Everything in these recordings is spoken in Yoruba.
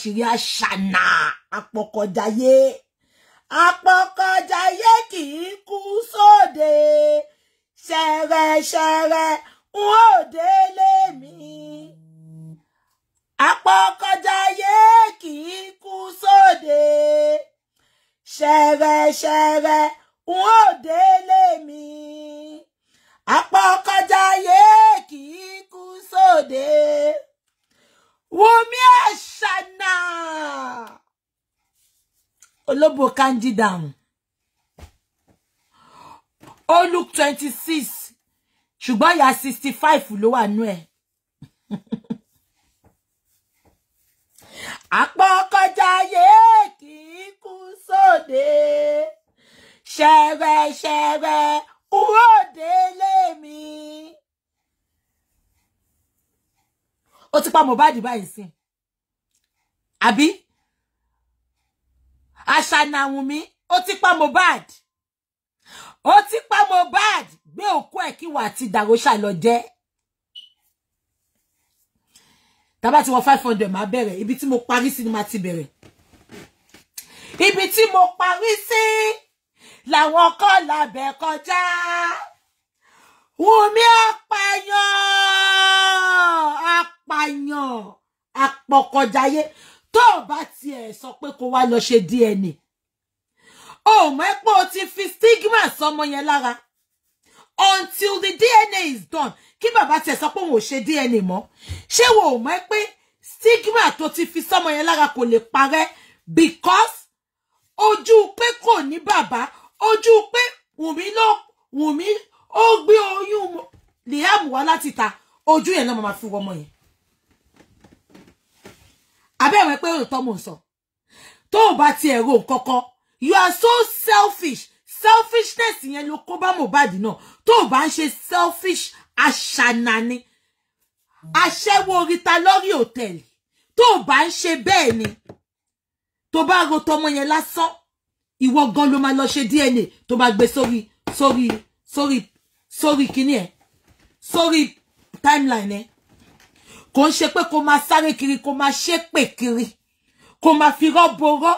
àṣírí àṣànà àpọkọjayé àpọkọjayé kì í kú sóde ṣẹrẹṣẹrẹ n ó délé mi àpọkọjayé kì í kú sóde ṣẹrẹṣẹrẹ n ó délé mi àpọkọjayé kì í kú sóde. Wunmi Ashana. Olobo Kanji down. Ó look 26. Ṣùgbọ́n ìyá 65 ló wà nú ẹ̀. Àpọ̀ kọjá yé kì í kú sóde. mi. ó ti pa Mohbad báyìí sí àbí aṣanàwùmí ó ti pa Mohbad ó ti pa Mohbad gbé òkú ẹ̀ kí wà àti dàróṣà lọ jẹ tàbá ti wọ five hundred máa bẹ̀rẹ̀ ibi tí mo parí sí ni máa ti bẹ̀rẹ̀ ibi tí mo parí sí làwọn kọ́ labẹ̀ kọjá Wùmí apààyàn apàyàn àpọ̀kọ̀jáyé tó o bá tiẹ̀ sọ pé kó wá lọ ṣe DNA o mọ̀ ẹ́ pé o ti fi stigma sọmọ yẹn lára until the DNA is done kí bàbá tiẹ̀ sọ pé òun ò ṣe DNA mọ́ ṣé wo o mọ̀ ẹ́ pé stigma tó ti fi sọmọ yẹn lára kò lè parẹ́ because ojú pé kò ní bàbá ojú pé wùmí ló wùmí ó gbé oyún Liam wá láti ta ojú yẹn náà máa fi wọmọ yẹn abẹ́rẹ́ pé òótọ́ mò ń sọ tó o bá ti ẹ̀rọ kọ́kọ́ you are so selfish selfishness yẹn ló kó bá Mohbad náà tó o bá ń ṣe selfish aṣanani aṣẹ́wó oríta lórí òtẹ́ẹ̀lì tó o bá ń ṣe bẹ́ẹ̀ ni tó bá ro tọmọ yẹn lásán ìwọ gan ló máa lọ ṣe DNA tó bá gbé sórí sórí sórí sórí kíní ẹ sórí timeline ẹ kò ń ṣe pé kó máa sáré kiri kó máa ṣépè kiri kó máa fi rọ́bọrọ́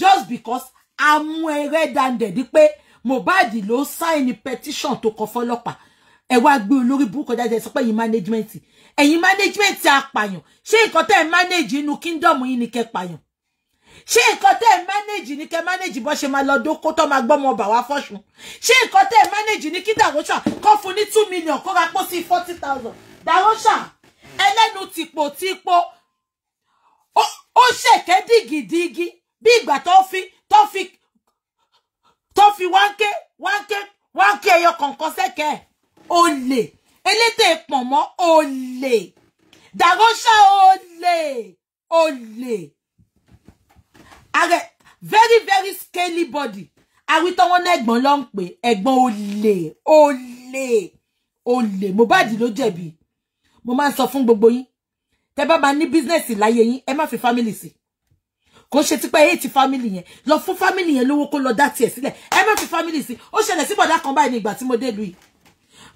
just because a mú ẹrẹ́ dandẹ̀dí pé Mohbad ló sáìnì petition tó kọ fọlọ́pàá ẹ wá gbé olórí burúkú jáde sọ pé ẹ̀yin management ẹ̀yin management apààyàn ṣé nǹkan tẹ́ ẹ̀ manage inú kingdom yìí ni kẹ́ pààyàn ṣé nǹkan tẹ́ ẹ̀ manage ni kẹ́ manage bọ́ ṣe máa lọ dóko tó máa gbọ́mọ ọba wá fọ́ṣun ṣé nǹkan tẹ́ ẹ̀ manage ni kí dàrọ́ṣà kọ́ fún ní two million kó ra pósí forty thousand dàrọ́ṣà ẹlẹ́nu tìpótìpó ó ṣèké dìgìdìgì bí ìgbà tó fi tó fi tó fi wáńké wáńké wáńké ẹyọ kọ̀ọ̀kan sẹ́kẹ̀ olè elétè pọ̀nmọ́ olè dàgọ́ṣà olè olè ààrẹ very very scaly body àwítọ́wọ́ náà ẹ̀gbọ́n ló ń pè ẹ̀gbọ́n olè olè olè Mohbad ló jẹ̀bi mo máa ń sọ fún gbogbo yín tẹ bá máa ní bísínẹ́sì láyé yín ẹ má fi fámìlì sí kò ṣe tipẹ́ èyí ti fámìlì yẹn lọ fún fámìlì yẹn lówó kó lọ dá tiẹ̀ sílẹ̀ ẹ má fi family si. ó ṣẹlẹ̀ si boda kan báyìí ní ìgbà tí mo dé lùi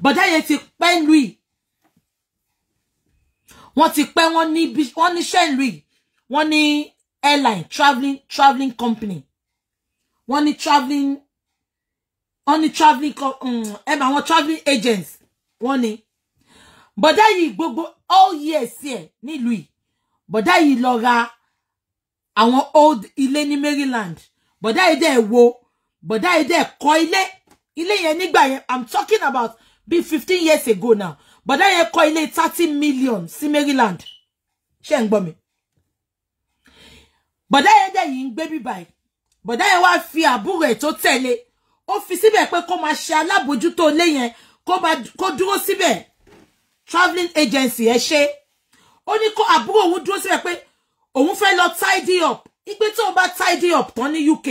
bọ̀dá yẹn ti pẹ́ lùi wọ́n ti pẹ́ ni ní wọ́n ní ṣẹ́ lùi wọ́n ní airline traveling traveling company wọ́n ní travelling wọ́n ní travelling mm, ẹ bá wọn traveling agents wọ́n ni bọ̀dá yìí gbogbo all years ẹ̀ nílùú yìí bọ̀dá yìí lọ ra àwọn old ilé ní Maryland bọ̀dá yìí dẹ̀ wo bọ̀dá yìí dẹ̀ kọ́ ilé ilé yẹn nígbà yẹn I'm talking about be fifteen years ago now bọ̀dá yẹn kọ́ ilé thirty million sí Maryland ṣé ń gbọ́ mi bọ̀dá yẹn dẹ̀ yìí ń gbé bíbá yìí bọ̀dá yẹn wá fi àbúrò ẹ̀ tó tẹ̀lé ó fi síbẹ̀ pé kó máa ṣe alábòjútó ilé yẹn kó dúró síbẹ̀ traveling agency ẹ ṣe ó ní kó àbúrò òun dúró síbẹ̀ pé òun fẹ́ lọ tidy up ìgbé tó bá tidy up tán ní UK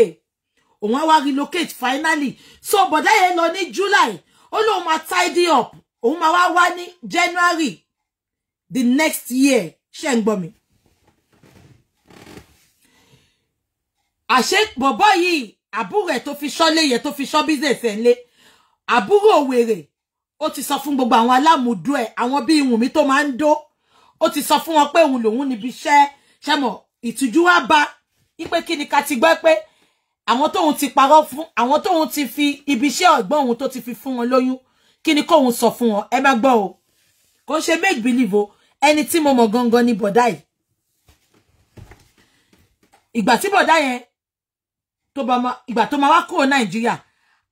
òun á wá relocate finally so bọ̀dá yẹn lọ ní July ó lóun máa tidy up òun máa wá wá ní January the next year ṣe ń gbọ́ mi. àṣé bọ̀bọ̀ yìí àbúrò ẹ̀ tó fi ṣọ́ lé yẹ tó fi ṣọ́ business ẹ̀ ń lé àbúrò wèrè ó ti sọ fún gbogbo àwọn alámùdó ẹ̀ àwọn bíi ìwùnmí tó máa ń dó ó ti sọ fún wọn pé òun lòun níbi iṣẹ́ ṣẹ́mọ̀ ìtújú wá bá wípé kí ni ká ti gbọ́ pé àwọn tóun ti parọ́ fún àwọn tóun ti fi ibi iṣẹ́ ọ̀gbọ́n òun tó ti fi fún wọn lóyún kí ni kóun sọ fún wọn ẹ má gbọ́ o kò ń ṣe make believe o ẹni tí mo mọ̀ gangan ni bọ̀dá yìí ìgbà tí bọ̀dá yẹn tó bá ma ìgbà tó ma wá kúrò nàìjíríà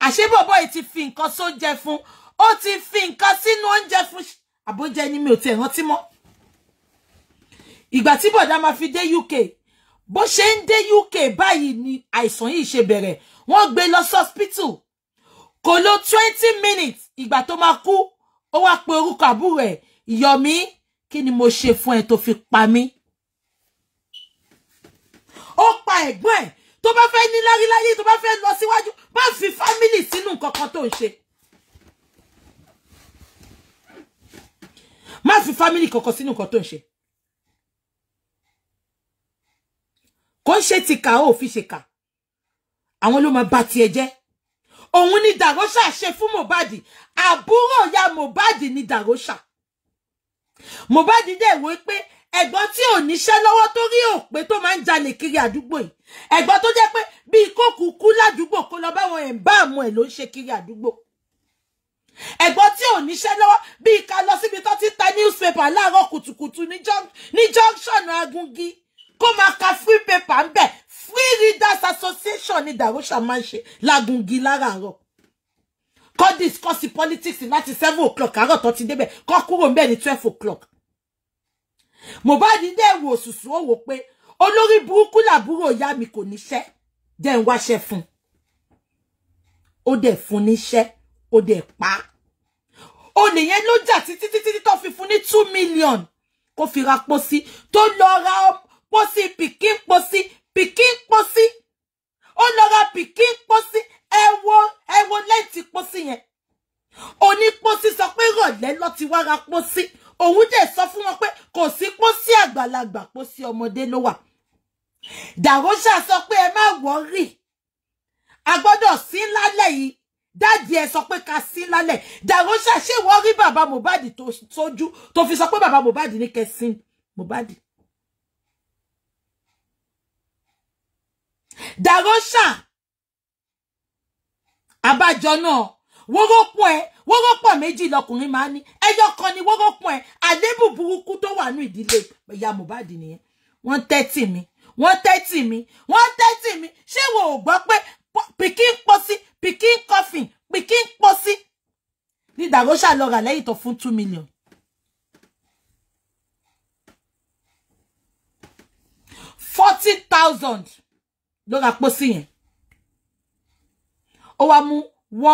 àṣé bọ̀bọ̀ yìí ti fi nǹkan sóúnjẹ fún ó ti fi nǹkan sínú oúnjẹ fún àbójẹ ni mi ò tiẹ̀ rántí mọ́ ìgbà tí bọ̀dá máa fi dé UK bó ṣe ń dé UK báyìí ni àìsàn yìí ṣe bẹ̀rẹ̀ wọ́n gbé lọ hospital kò lò twenty minutes ìgbà tó máa kú ó wá pe orúkọ àbúrò ẹ̀ Yọ̀mí kí ni mo ṣe fún ẹ tó fi pa mí ó pa ẹ̀gbọ́n ẹ̀ tó bá fẹ́ ní láríláyé tó bá fẹ́ lọ síwájú bá fi fámìlì sínú nǹkan kan tó ń ṣe. má fi family kankan sínú nǹkan tó ń ṣe kò ń ṣe tìka ó fi ṣe kà àwọn ló máa bá tiẹ̀ jẹ́ òun ni dàgọ́ṣà ṣe fún Mohbad àbúrò ya Mohbad ni dàgọ́ṣà Mohbad dẹ̀ wò pé ẹ̀gbọ́n tí ò níṣẹ́ lọ́wọ́ tó rí òpè tó máa ń jalè kiri àdúgbò yìí ẹ̀gbọ́n tó jẹ́ pé bíi kókù kú ládùúgbò kó lọ báwọn ẹ̀ ń bá àmọ́ ẹ̀ ló ń ṣe kiri àdúgbò ẹ̀gbọ́n tí ò níṣẹ́ lọ́wọ́ bíi ká lọ síbi tó ti ta newspaper láàárọ̀ kùtùkùtù ní junction agungi kó máa ka free paper ńbẹ̀ free readers association ni dàrúṣà máa ń ṣe lágungi láràárọ̀ kó discuss politics láti seven o'clock àárọ̀ tó ti débẹ̀ kó kúrò ńbẹ̀ ní twelve o'clock Mohbad dé wò sùsù ó wò pé olórí burúkú làbúrò ìyá mi kò níṣẹ́ jẹ́ ń wáṣẹ́ fún ó dẹ̀ fún níṣẹ́ ó dẹ̀ pa olè yẹn ló jà títí títí tó fi fún ní two million kó fi ra si tó lọ ra pósí pikin si pikin pósí ó lọ ra pikin pósí ẹ wo ẹ wo lẹ́ǹtì pósí yẹn onípósí sọ pé rọ̀lẹ́ ló ti wá ra pósí òun dẹ̀ sọ fún wọn pé kò sí pósí àgbàlagbà si ọmọdé ló wà dàrósà sọ pé ẹ e ma a gbọ́dọ̀ sin lálẹ́ yìí dáàdi ẹ sọ pé ká sí lálẹ́ dàrúṣà ṣé ìwọ rí bàbá Mohbad tó sójú tó fi sọ pé bàbá Mohbad ní kẹsìn Mohbad. dàrúṣà àbájọ náà wórópọ̀ ẹ wórópọ̀ méjì lọkùnrin máa ní ẹyọ kan ni wórópọ̀ ẹ àlébù burúkú tó wà ní ìdílé ìyá Mohbad nìyẹn wọ́n tẹ́tì mi wọ́n tẹ́tì mi wọ́n tẹ́tì mi ṣé wo ò gbọ́ pé pikin pọ̀ sí pikin coffin pikin pósí ní dàgóṣà lọ rà lẹ́yìn tó fún two million. forty thousand ló ra pósí yẹn ó wá mú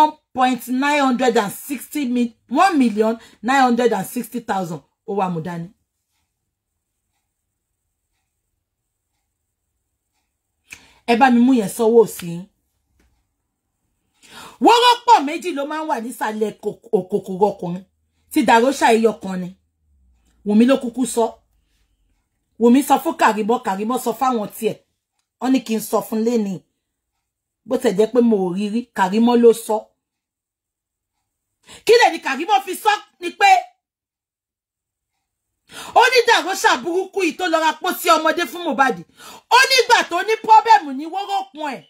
one point nine hundred and sixty mil one million nine hundred and sixty thousand ó wá mú dání. ẹ bá mi mú yẹn sọ́wọ́ sí wọ́rọ́pọ̀ méjì ló máa ń wà nísàlẹ̀ òkòkò ọkùnrin tí dàróṣà ẹyọ kan ni Wùmí ló kúkú sọ Wùmí sọ fún Kàrímọ́ Kàrímọ́ sọ fáwọn tiẹ̀ wọ́n ní kí n sọ fún lẹ́ni bó tẹ̀ jẹ́ pé mo ò rí rí ló sọ kí lè ní Kàrímọ́ fi sọ ni pé ó ní dàróṣà burúkú yìí tó lọ ra pósí ọmọdé fún Mohbad ó nígbà tó ní pọ́bẹ́mù ní wọ́rọ́kùn ẹ̀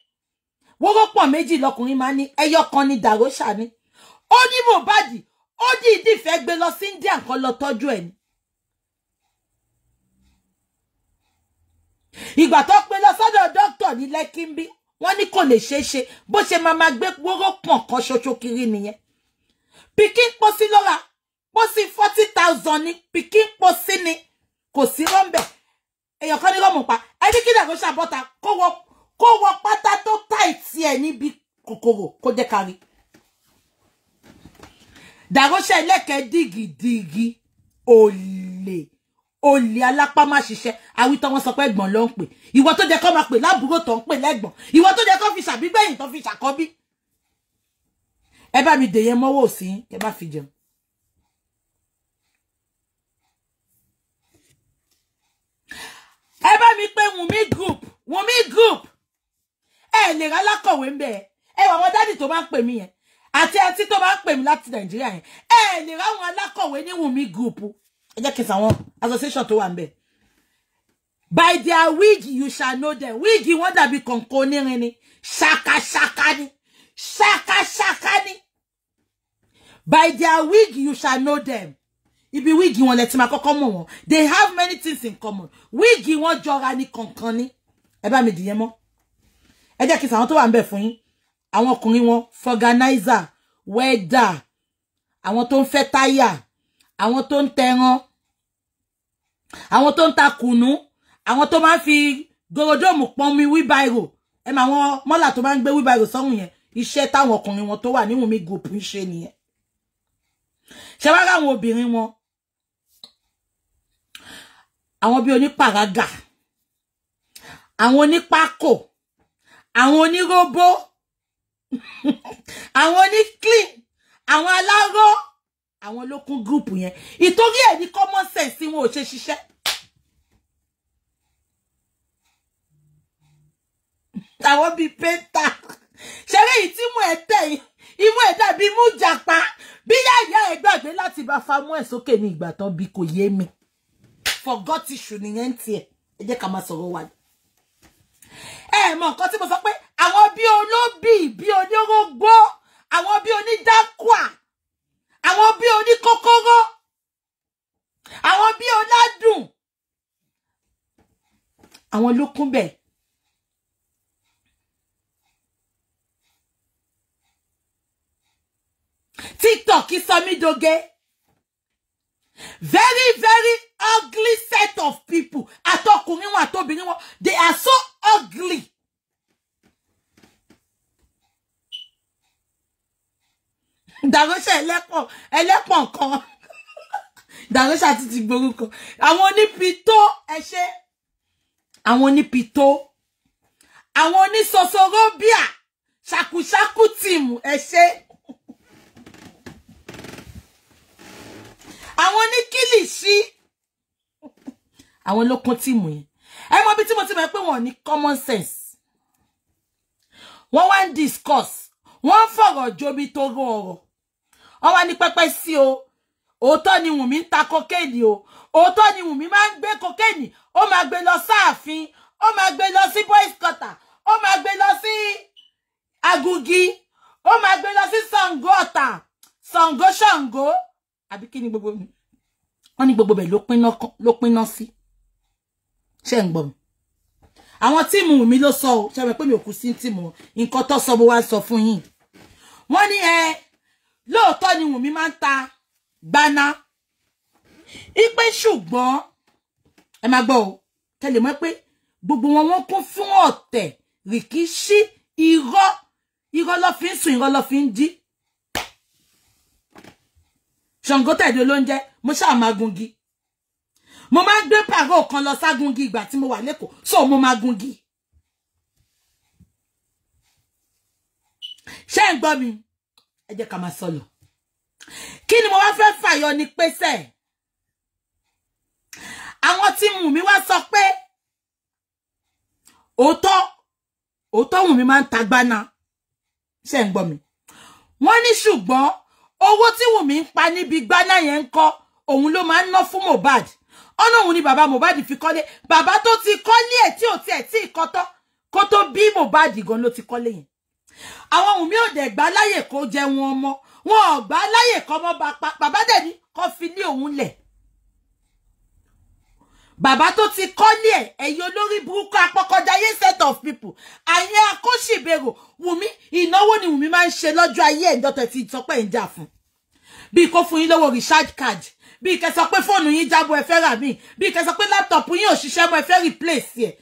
wọ́wọ́pọ̀ méjì lọkùnrin máa ní ẹyọ kan ní dàróṣà ni ó ní Mohbad ó dìídì fẹ́ gbé lọ sí India kan lọ tọ́jú ẹ̀ ni. ìgbà tó pé lọ sọ́dọ̀ dókítà ní Lẹ́kí ń bí wọ́n ní kò lè ṣeé ṣe bó ṣe máa máa gbé wọ́rọ́pọ̀n kan ṣoṣo kiri nìyẹn pikin pósí lọ́ra pósí forty thousand ni, pikin pósí ni kò sí rọ́ńbẹ̀ èèyàn kan ní rọ́ọ̀mù pa ẹni kí dàgbọ́sà bọ́ta kó wọ́pọ̀ kó wọ pátá tó táìtì ẹ̀ níbi kòkòrò kó jẹ́ kárí. dàrọ́ṣẹ́ ẹlẹ́kẹ̀ẹ́ dìgìdìgì olè olè alápá má ṣiṣẹ́ awítọ́ wọn sọ pé ẹ̀gbọ́n ló ń pè ìwọ tó jẹ́ kó máa pè lábúrò tó ń pè lẹ́gbọ̀n ìwọ tó jẹ́ kó fi ṣàbígbẹ̀yìn tó fi ṣàkọ́bí. ẹ bá mi dèyẹ mọ́wọ́ òsì ẹ bá fi jẹun. ẹ bá mi pè Wunmi group Wunmi group ẹ lè rà lákọ̀wé ń bẹ̀ ẹ wà wọn dádì tó bá ń pè mí yẹn àti àti tó bá ń pè mí láti nàìjíríà yẹn ẹ lè rà alákọ̀wé ní Wùmí group ẹ jẹ́ kí n association tó wà ń bẹ̀ by their wig you shall know them wig wọn dàbí kọ̀ǹkọ̀ onírin ni ṣàkàṣàkà ni ṣàkàṣàkà ni by their wig you shall know them ibi wíìgì wọn lẹ ti máa kọ́kọ́ mọ̀ wọn they have many things in common wíìgì wọn jọra ní kankan ní ẹ bá mi dìyẹn mọ́ ẹ jẹ́ kí sàwọn tó wà ń bẹ̀ fún yín àwọn ọkùnrin wọn fọganáìzà wẹ́dà àwọn tó ń fẹ́ táyà àwọn tó ń tẹran àwọn tó ń ta kùnú àwọn tó máa ń fi gorodomu pọnmi wíbàìrò ẹ mà wọn mọ́là tó máa ń gbé wíbàìrò sọ́run yẹn iṣẹ́ táwọn ọkùnrin wọn tó wà níwùn mi gòpù ń ṣe nìyẹn ṣe wá ráwọn obìnrin wọn àwọn bíi onípàrágà àwọn onípákò àwọn oníróbó àwọn oníclean àwọn aláró àwọn ló kún gúrùpù yẹn ìtorí ẹ̀ ní common sense wọn ò ṣe ṣiṣẹ́. àwọn bíi pẹ́ńtà ṣeré yìí tí Mo ẹ tẹ̀ yìí imú ẹ dàbí mú jàpá bí yàyà ẹ gbàgbé láti bá fa mú ẹ sókè ní ìgbà tán bí kò yé mi fọgọ́tìṣù nìyẹn ń tiẹ̀ ẹ jẹ́ ká máa sọ̀rọ̀ wájú ẹ mọ̀ nǹkan tí mo sọ pé àwọn bí olóbì bí onírógbó àwọn bí onídákùà àwọn bí oníkókóró àwọn bí oládùn àwọn ló kún bẹ́ẹ̀. TikTok sọ mí doge very very ugly set of people àtọkùnrin wọn àtobìnrin wọn they are so ugly. Dàrọ́ṣà elepon, ẹlẹ́pọ̀n kan. Dàrọ́ṣà ti ti gborúkọ. Àwọn onípitó ẹ ṣe. Àwọn onípitó. Àwọn onísosoróbíà. Ṣàkúṣàkú tìmù ẹ ṣe. Àwọn oníkìlìṣí. Àwọn olókun tìmù yẹn ẹ mọ bí tí mo ti mọ̀ pé wọ́n ní common sense wọ́n wá ń discuss wọ́n ń fọ̀rọ̀ jobi tó rọ̀ ọ̀rọ̀ wọ́n wá ní pẹ́pẹ́ sí o òótọ́ ni Wùnmí ń ta kokéènì o òótọ́ ni Wùnmí máa ń gbé kokéènì ó máa gbé lọ sáàfin ó máa gbé lọ sí boys quarter ó máa gbé lọ sí Agugi ó máa gbé lọ sí Ṣàngó Ọ̀tà Ṣàngó Ṣàngó àbí kí ni gbogbo wọn ní gbogbo bẹ̀ ló pinná sí ṣe ń gbọ́ mi àwọn tíìmù mi ló sọ o ṣe mọ̀ pé mi ò kú sí tíìmù nǹkan tó sọ mo wá sọ fún yín wọ́n ní ẹ lóòótọ́ ni Wùnmí máa ń ta gbaná ipe ṣùgbọ́n ẹ máa gbọ́ o kẹlẹ̀ mọ́ pé gbogbo wọn wọ́n kún fún ọ̀tẹ̀ rìkíṣí irọ́ irọ́ ló fi ń sùn irọ́ ló fi ń jí ṣàǹgó tẹ̀dọ̀ ló mo ṣáà máa gungi mo máa ń gbé pàrọ̀ kan lọ ságungi ìgbà tí mo wà lẹ́kọ̀ọ́ so mo máa gungi. ṣé ń gbọ́ mi ẹ jẹ́ ká máa sọ lọ kí ni mo wá fẹ́ fàyọ ni pé sẹ́ àwọn tí mú mi wá sọ pé òótọ́ òótọ́ wù mí máa ń tagbána ṣé ń gbọ́ mi wọ́n ní ṣùgbọ́n owó tí wù ń pa níbi gbáná yẹn ń kọ́ òun ló máa ń ná fún Mohbad ọlọ́run ni bàbá Mohbad fi kọ́lé bàbá tó ti kọ́lé ẹ̀ tí ò tiẹ̀ tí ì kọ́tọ́ kó tó bí Mohbad gan ló ti kọ́lé yẹn àwọn ohun mi ò dẹ̀ gbà láyè kó jẹ wọn ọmọ wọn ò gbà láyè kọ́ ọmọ bàbá dẹ̀ ní kó fi lé òun lẹ̀ bàbá tó ti kọ́lé ẹ̀ ẹ̀yin olórí burúkú apọ́kọ́dáyé set of people àyẹn akóṣìbẹ̀rò wùmí ìnáwó ni wùmí máa ń ṣe lọ́jọ́ ayé ẹ̀ńdọ́tẹ̀ ti ìtọ́pẹ́ ìjà fún bí kò fún yín lọ́wọ́ recharge card Bi kẹ́ sọ pé fóònù yín jábọ́ ẹ fẹ́ rà mí bí kẹ́ sọ pé láptọ̀pù yín ò ṣiṣẹ́ mọ́ ẹ fẹ́ replace ẹ̀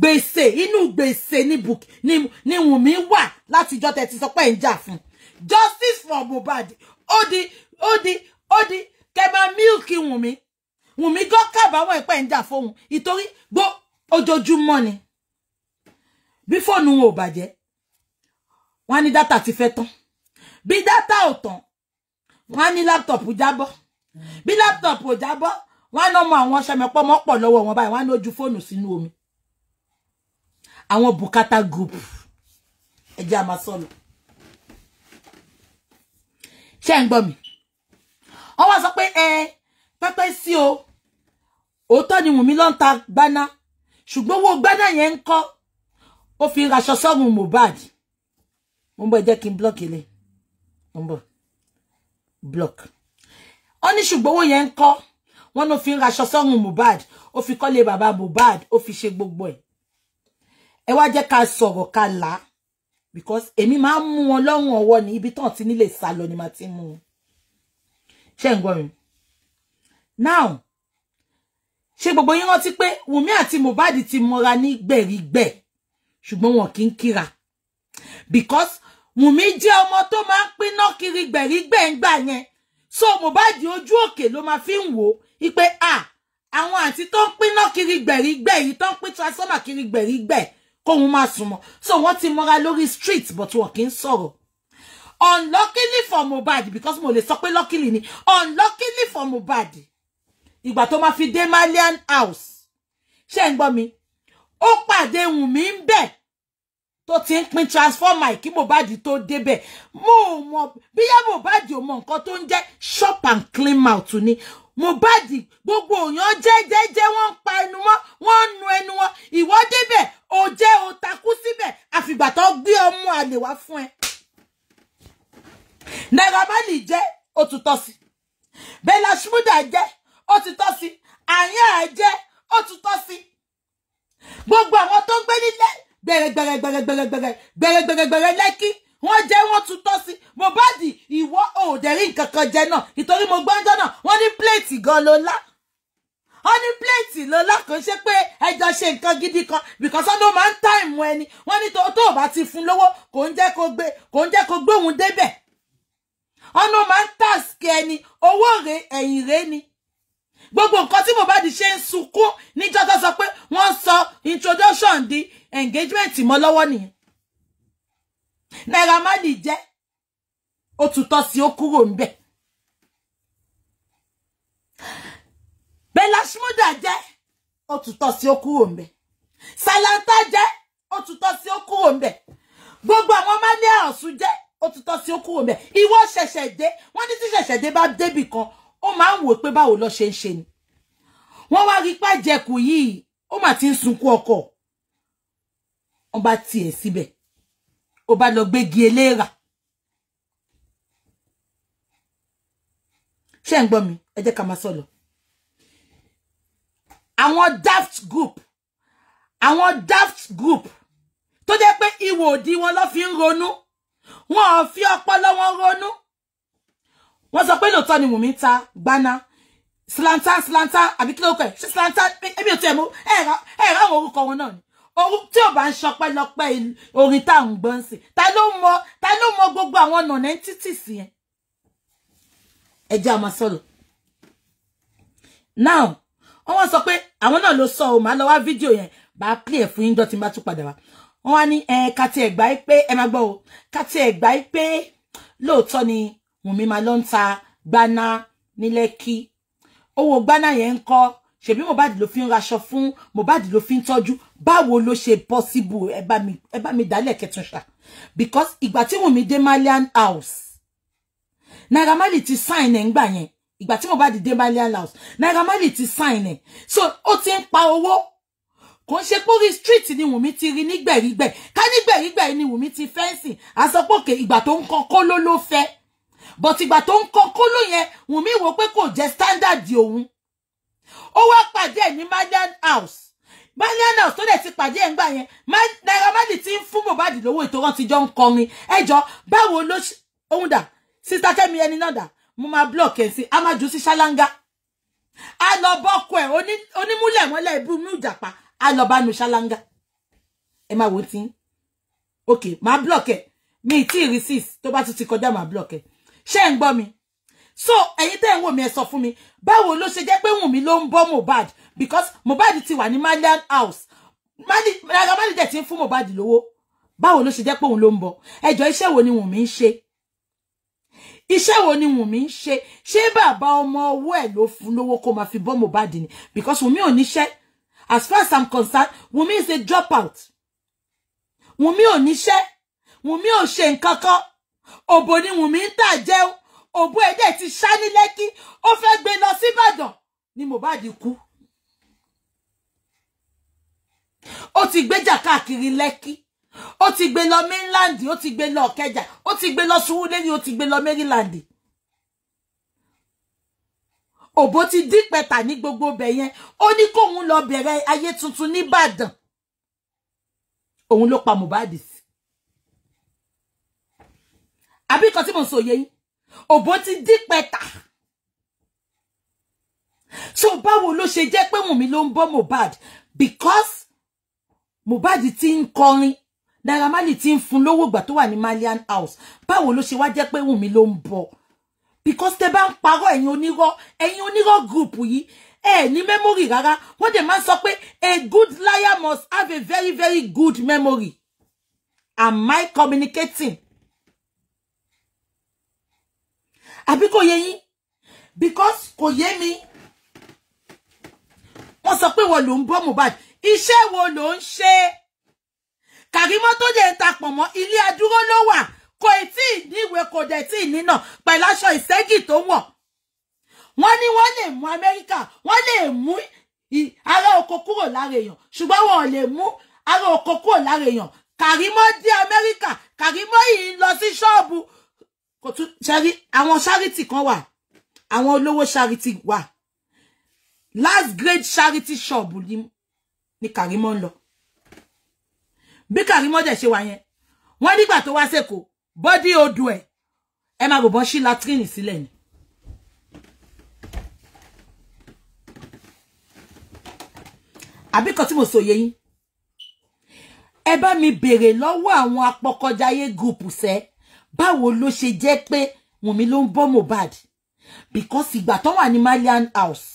gbèsè inú gbèsè ní book ni ni Wùnmí wa. láti ìjọ́ tẹ́ ti sọ pé ẹ̀ ń justice for Mohbad Odi odi odi di ó di kẹ́ máa mílkì Wùnmí Wùnmí gán kábàámọ̀ ẹ̀ pé ẹ̀ ń jà fóun ìtorí gbó ojoojúmọ́ ni bí fóònù wọn ò bàjẹ́ ti fẹ́ tán bí dátà ò tán wọ́n á ní bí laptop ò jábọ́ wọn náà mọ àwọn ṣẹmẹpọ mọ́pọ̀ lọ́wọ́ wọn báyìí wọn náà ju fóònù sínú omi àwọn bùkátà group ẹjẹ àmà sọlọ ṣé ń gbọ́ mi wọn wá sọ pé ẹ pẹpẹ sí o òótọ́ ni Wùnmí ló ń ta gbaná ṣùgbọ́n owó gbaná yẹn ń kọ́ ó fi raṣọ sọ́run Mohbad mo ń bọ̀ jẹ́ kí n block ilé mo ń bọ̀ block ó ní ṣùgbọ́n owó yẹn ń kọ́ wọ́n ló fi ń raṣọ sọ́run Mohbad ó fi kọ́lé bàbá Mohbad ó fi ṣe gbogbo ẹ̀ ẹ wá jẹ́ ká sọ̀rọ̀ ká là á because èmi máa ń mú wọn lọ́rùn ọwọ́ ní ibi tán ti nílé sá lọ ni màá ti mú wọn ṣé ń gbọ́ now ṣé gbogbo yín rántí pé Wùmí àti Mohbad ti mọra ní gbẹ̀rígbẹ̀ ṣùgbọ́n wọn kì í kíra because Wùmí jẹ́ ọmọ tó máa ń pín náà kiri gbẹ̀rígbẹ̀ ń gbà yẹn so Mohbad ojú òkè ló máa fi ń wò ó ipe a àwọn àǹtí tó ń pín kiri gbẹ̀rígbẹ̀ yìí tó ń pín transformer kiri gbẹ̀rígbẹ̀ kóhun máa súnmọ́ so wọ́n ti mọ́ra lórí street but wọn kì í sọ̀rọ̀ unluckily for Mohbad because mo lè sọ pé luckily ni unluckily for Mohbad ìgbà tó máa fi dé malian house ṣé ń gbọ́ mi ó pàdé Wùnmí ń bẹ̀ tó ti ń pín transformer kí Mohbad tó débẹ̀ mo mọ bíyá Mohbad ò mọ nǹkan tó ń jẹ́ shop and clean mouth ni Mohbad gbogbo òyàn jẹ́jẹ́jẹ́ wọ́n ń pa ẹnu mọ́ wọ́n ń nu ẹnu wọn ìwọ débẹ̀ ò jẹ́ ò takú síbẹ̀ àfìgbà tó gbé ọmọ àlè wá fún ẹ. Naira Marley jẹ́ òtútọ́ sí Bella Shmurda jẹ́ òtútọ́ sí àyàn jẹ́ òtútọ́ sí gbogbo àwọn tó ń gbé nílẹ̀ gbẹrẹgbẹrẹgbẹrẹgbẹrẹgbẹrẹ gbẹrẹgbẹrẹgbẹrẹ lẹ́kí wọ́n jẹ́ wọ́n tún tọ́ sí Mohbad ìwọ ò dẹ̀rí nǹkan kan jẹ náà ìtorí mo gbọ́njọ́ náà wọ́n ní pléètì gan ló lá wọ́n ní pléètì ló lá kò ṣe pé ẹjọ́ ṣe nǹkan gidi kan because ọdún máa ń táìmù ẹni wọ́n ní tó o bá ti fún lówó kò ń jẹ́ kó gbé kò ń jẹ́ kó gbóhùn débẹ̀ ọdún máa ń tàṣkì ẹni owó rẹ̀ ẹ̀yìn rẹ̀ ni gbogbo nǹkan tí Mohbad ṣe ń sunkún níjọ́ tó sọ pé wọ́n sọ introduction di engagement mọ́ lọ́wọ́ nìyẹn Naira Marley jẹ́ ó tutọ́ sí ó kúrò ńbẹ̀ Bella Shmurda jẹ́ ó tutọ́ sí ó kúrò ńbẹ̀ Salanta jẹ́ ó tutọ́ sí ó kúrò ńbẹ̀ gbogbo àwọn máníà ọ̀sùn jẹ́ ó tutọ́ sí ó kúrò ńbẹ̀ ìwọ ṣẹ̀ṣẹ̀ dé wọ́n ní tí ṣẹ̀ṣẹ̀ dé bá débì kan ó máa ń wò pé báwo ló ṣe ń ṣe ni wọ́n wá rí pàjẹkù yìí ó mà ti ń sunkún ọkọ wọ́n bá tiẹ̀ síbẹ̀ ó bá lọ gbégi eléèrà ṣé ń gbọ́ mi ẹ jẹ́ ká máa sọ àwọn daft group àwọn daft group tó jẹ́ pé ìwò òdi wọn ló fi ń ronú wọn ò fi ọpọlọ wọn ronú wọ́n sọ pé lóòótọ́ ni Wùmí ta gbaná slantan slantan àbí kí ló kọ ẹ ṣe slantan ẹbí ò tiẹ̀ mú ẹ ẹ ráwọn orúkọ wọn náà ni orú tí ò bá ń ṣọpẹ́ lọ́pẹ́ orin tá à ń gbọ́n sí ta ló mọ ta ló mọ gbogbo àwọn nọ̀nà entities yẹn ẹ jẹ́ àmọ́ sọ̀rọ̀ now wọ́n sọ pé àwọn náà ló sọ ọ màá lọ wá fídíò yẹn bá a play ẹ̀ fún yín dọ́tí bá tún padà wá wọ́n wá ní ẹ kàtí ẹ̀gbá yìí pé ẹ má gbọ́ o kàtí ẹ̀gbá yìí pé lóòótọ́ ni Wùnmí máa lọ ń ta gbaná ní Lẹ́kì owó gbaná yẹn ń kọ́ ṣèbí Mohbad ló fi ń raṣọ fún Mohbad ló fi ń tọ́jú báwo ló ṣe possible ẹ bá mi ẹ bá mi dálẹ̀ kẹtùnṣà because ìgbà tí Wùnmí dé Malian house Naira Marley ti sign ẹ̀ ńgbà yẹn ìgbà tí Mohbad dé Malian house Naira Marley ti sign ẹ̀ so ó ti ń pa owó kò ń ṣe pórí street ni Wùnmí ti rí nígbẹ̀rígbẹ̀ ká nígbẹ̀rígbẹ̀ ni Wùnmí ti fẹ́ǹsì àsọpọ̀kẹ́ ìgbà tó ń kọ́ kó ló ló fẹ́ẹ́ but ìgbà tó ń kan kóló yẹn Wùnmí wò pé kò jẹ́ standard òun ó wá pàdé ẹ̀ ní Marlian House Marlian House tó dẹ̀ ti pàdé ẹ̀ ńgbà yẹn Naira Marley ti ń fún Mohbad lówó ètò wọn ti jọ ń kọrin ẹjọ́ báwo ló ohun dà sísá Kẹ́mi ẹni náà dà mo máa block ẹ̀ sí a máa jù sí ṣáláńgá a lọ bọ́kọ ẹ̀ onímúlẹ̀mọ́lẹ̀ ibú mú ìjàpá a lọ bá nu ṣáláńgá ẹ máa wò tí ok máa block ẹ̀ mi ì rí sis tó bá tún ti kọjá máa block ẹ̀ ṣé ń gbọ́ mi so ẹ̀yin tẹ́ ń wò mí ẹ sọ fún mi báwo ló ṣe jẹ́ pé Wùnmí ló ń bọ́ Mohbad because Mohbad ti wà ní Marlian house Naira Marley dẹ̀ ti ń fún Mohbad lówó báwo ló ṣe jẹ́ pé òun ló ń bọ̀ ẹjọ́ iṣẹ́ wo ni Wùnmí ń ṣe iṣẹ́ wo ni Wùnmí ń ṣe ṣé bàbá ọmọ ọwọ́ ẹ̀ ló fún lówó kó máa fi bọ́ Mohbad ni because Wùnmí ò níṣẹ́ as far as i'm concerned Wùnmí is a dropout Wùnmí ò níṣẹ́ Wùnmí ò ṣe nǹkan kan òbò ni Wùnmí ń tà jẹ́ o òbò ẹ̀ ti ṣá ní Lẹ́kí ó fẹ́ gbé lọ síbàdàn ni Mohbad kú ó ti gbéjà káàkiri Lẹ́kí ó ti gbé lọ mainland ó ti gbé lọ Ọ̀kẹjà ó ti gbé lọ Surulere ó ti gbé lọ Maryland òbó ti dípẹ̀tà ní gbogbo ibẹ̀ yẹn ó ní kóun lọ bẹ̀rẹ̀ ayé tuntun nìbàdàn òun ló pa Mohbad sí. Abi kan tí mo sọ yé yín òbó ti dípẹta so báwo ló ṣe jẹ́ pé Wùnmí ló ń bọ́ Mohbad because Mohbad ti ń kọrin Naira Marley ti ń fún lówó ìgbà tó wà ní Malian house báwo ló ṣe wá jẹ́ pé Wùnmí ló ń bọ́ because tẹ́ bá ń parọ́ ẹ̀yin onírọ́ ẹ̀yin onírọ́ group yìí ẹ ní memory rárá wọ́n dẹ̀ máa ń sọ a good liar must have a very very good memory am I communicating àbí kò yé yín because kò yé mi wọ́n sọ pé wọ́n ló ń bọ́ Mohbad iṣẹ́ wo ló ń ṣe Karimo tó dé ta pọ̀ mọ́ ilé adúró ló wà kò tí ì níwèé kò dẹ̀ tí ì nínà pẹ̀lú aṣọ ìṣẹ́gì tó wọ̀ wọ́n ní wọ́n lè mú Amẹ́ríkà wọ́n lè mú ará oko kúrò lára èèyàn ṣùgbọ́n wọn lè mú ará oko kúrò lára èèyàn Karimo dé Amẹ́ríkà Karimo yìí lọ sí ṣọ́ọ̀bù kò tún ṣẹ́rí àwọn ṣáríìtì kan wà àwọn olówó ṣáríìtì wà last grade ṣáríìtì ṣọ́ọ̀bù ni ni Kàrímọ́ ń lọ bí Kàrímọ́ dẹ̀ ṣe wà yẹn wọ́n nígbà tó wá sẹ́kọ̀ọ́ bọ́dí odò ẹ̀ ẹ máa bọ̀bọ̀ sí latrine sílẹ̀ ni. àbí kan tí mo sọ yẹ yín ẹ bá mi béèrè lọ́wọ́ àwọn apọkọjáyé gúùpù sẹ́ẹ́ báwo ló ṣe jẹ́ pé Wùnmí ló ń bọ́ Mohbad because ìgbà tó wà ní Malian house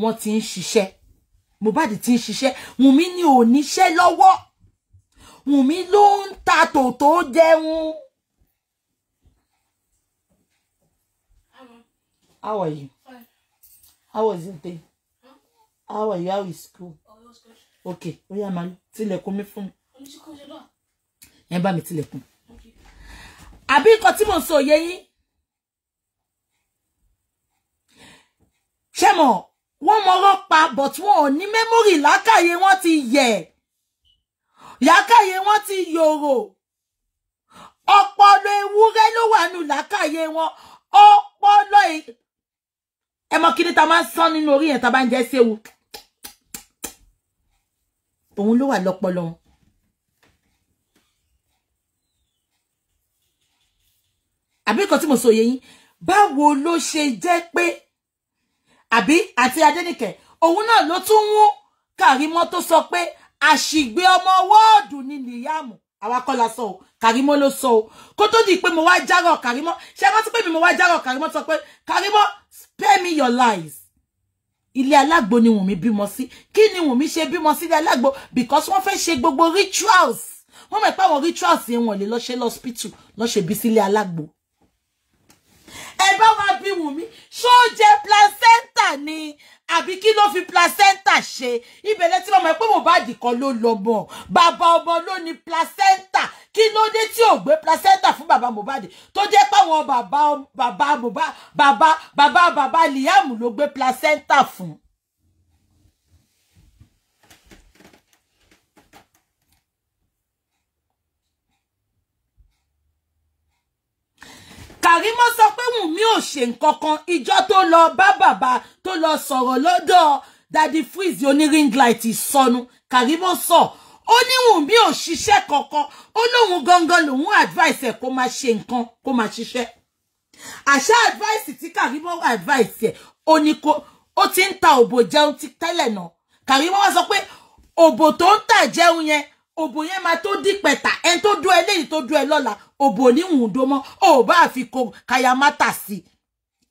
wọ́n ti ń ṣiṣẹ́ Mohbad ti ń ṣiṣẹ́ Wùnmí ni ò níṣẹ́ lọ́wọ́ Wùnmí ló ń ta tòótó jẹun. How are you? Fine. How was your day? How are you? How is school? Oh, okay. Oya, Malu. Tilẹ̀kùn mi fún mi. Ẹ bá mi tilẹ̀kùn àbí nǹkan tí mò ń sọ yé yín ṣé wọ́n mọ̀rọ̀ pa but wọn ò ní mẹ́mórì lákàyè wọ́n ti yẹ̀ lákàyè wọ́n ti yòrò ọpọlọ ewúrẹ́ ló wà nù lákàyè wọn ọpọlọ e-, ẹ mọ̀ kí ta máa ń sán nínú orí yẹn ta bá ń jẹ séwu òun ló wà lọ́pọlọ wọn àbí nǹkan tí mo sọ yé yín báwo ló ṣe jẹ́ pé àbí àti Adénìkẹ́ òun náà ló tún wú Kàrímọ́ tó sọ pé àṣìgbé ọmọ wọ́ọ̀dù ni nìyàmù àwa kọ́ la sọ o Kàrímọ́ ló sọ o kó tó di pé mo wá járọ̀ Kàrímọ́ ṣé wọ́n ti pè mo wá járọ̀ Kàrímọ́ sọ pé Kàrímọ́ spare me your lies ilé alágbo ni Wùnmí bímọ sí kí ni Wùnmí ṣe bímọ sí ilé alágbo because wọ́n fẹ́ ṣe gbogbo rituals wọ́n mọ̀ pé àwọn rituals yẹn wọ́n lè lọ ṣe lọ́spítù lọ́ ṣe bí sílé alágbo ẹ bá wa bí Wùnmí ṣó jẹ placenta ni àbí kí ló fi placenta ṣe ìbẹ̀lẹ̀ tí wọ́n mọ̀ pé Mohbad kan ló lọ bọ̀ bàbá ọmọ ló ní placenta kí ló dé tí ò gbé placenta fún bàbá Mohbad tó jẹ́ páwọn bàbá bàbá bàbá bàbá bàbá Liam ló gbé placenta fún Karimo sọ pé Wùnmí ò ṣe nǹkan kan ìjọ tó lọ bá bàbá tó lọ sọ̀rọ̀ lọ́dọ̀ Daddy Freeze oní ring light ìsọnù Karimo sọ ó ní Wùnmí ò ṣiṣẹ́ kankan ó lóun gangan lòun advice ẹ̀ kó máa ṣe nǹkan kó máa ṣiṣẹ́ àṣà advice tí Karimo advice ẹ̀ ó ní kó ó ti ń ta òbò jẹun ti tẹ́lẹ̀ náà Karimo wá sọ pé òbò tó ń tà jẹun yẹn òbò yẹn máa tó dípẹ̀tà ẹni tó dún ẹ lẹ́yìn tó dún ẹ lọ́la òbò ní ìwùndó mọ́ ò bá fi ko kayamata sí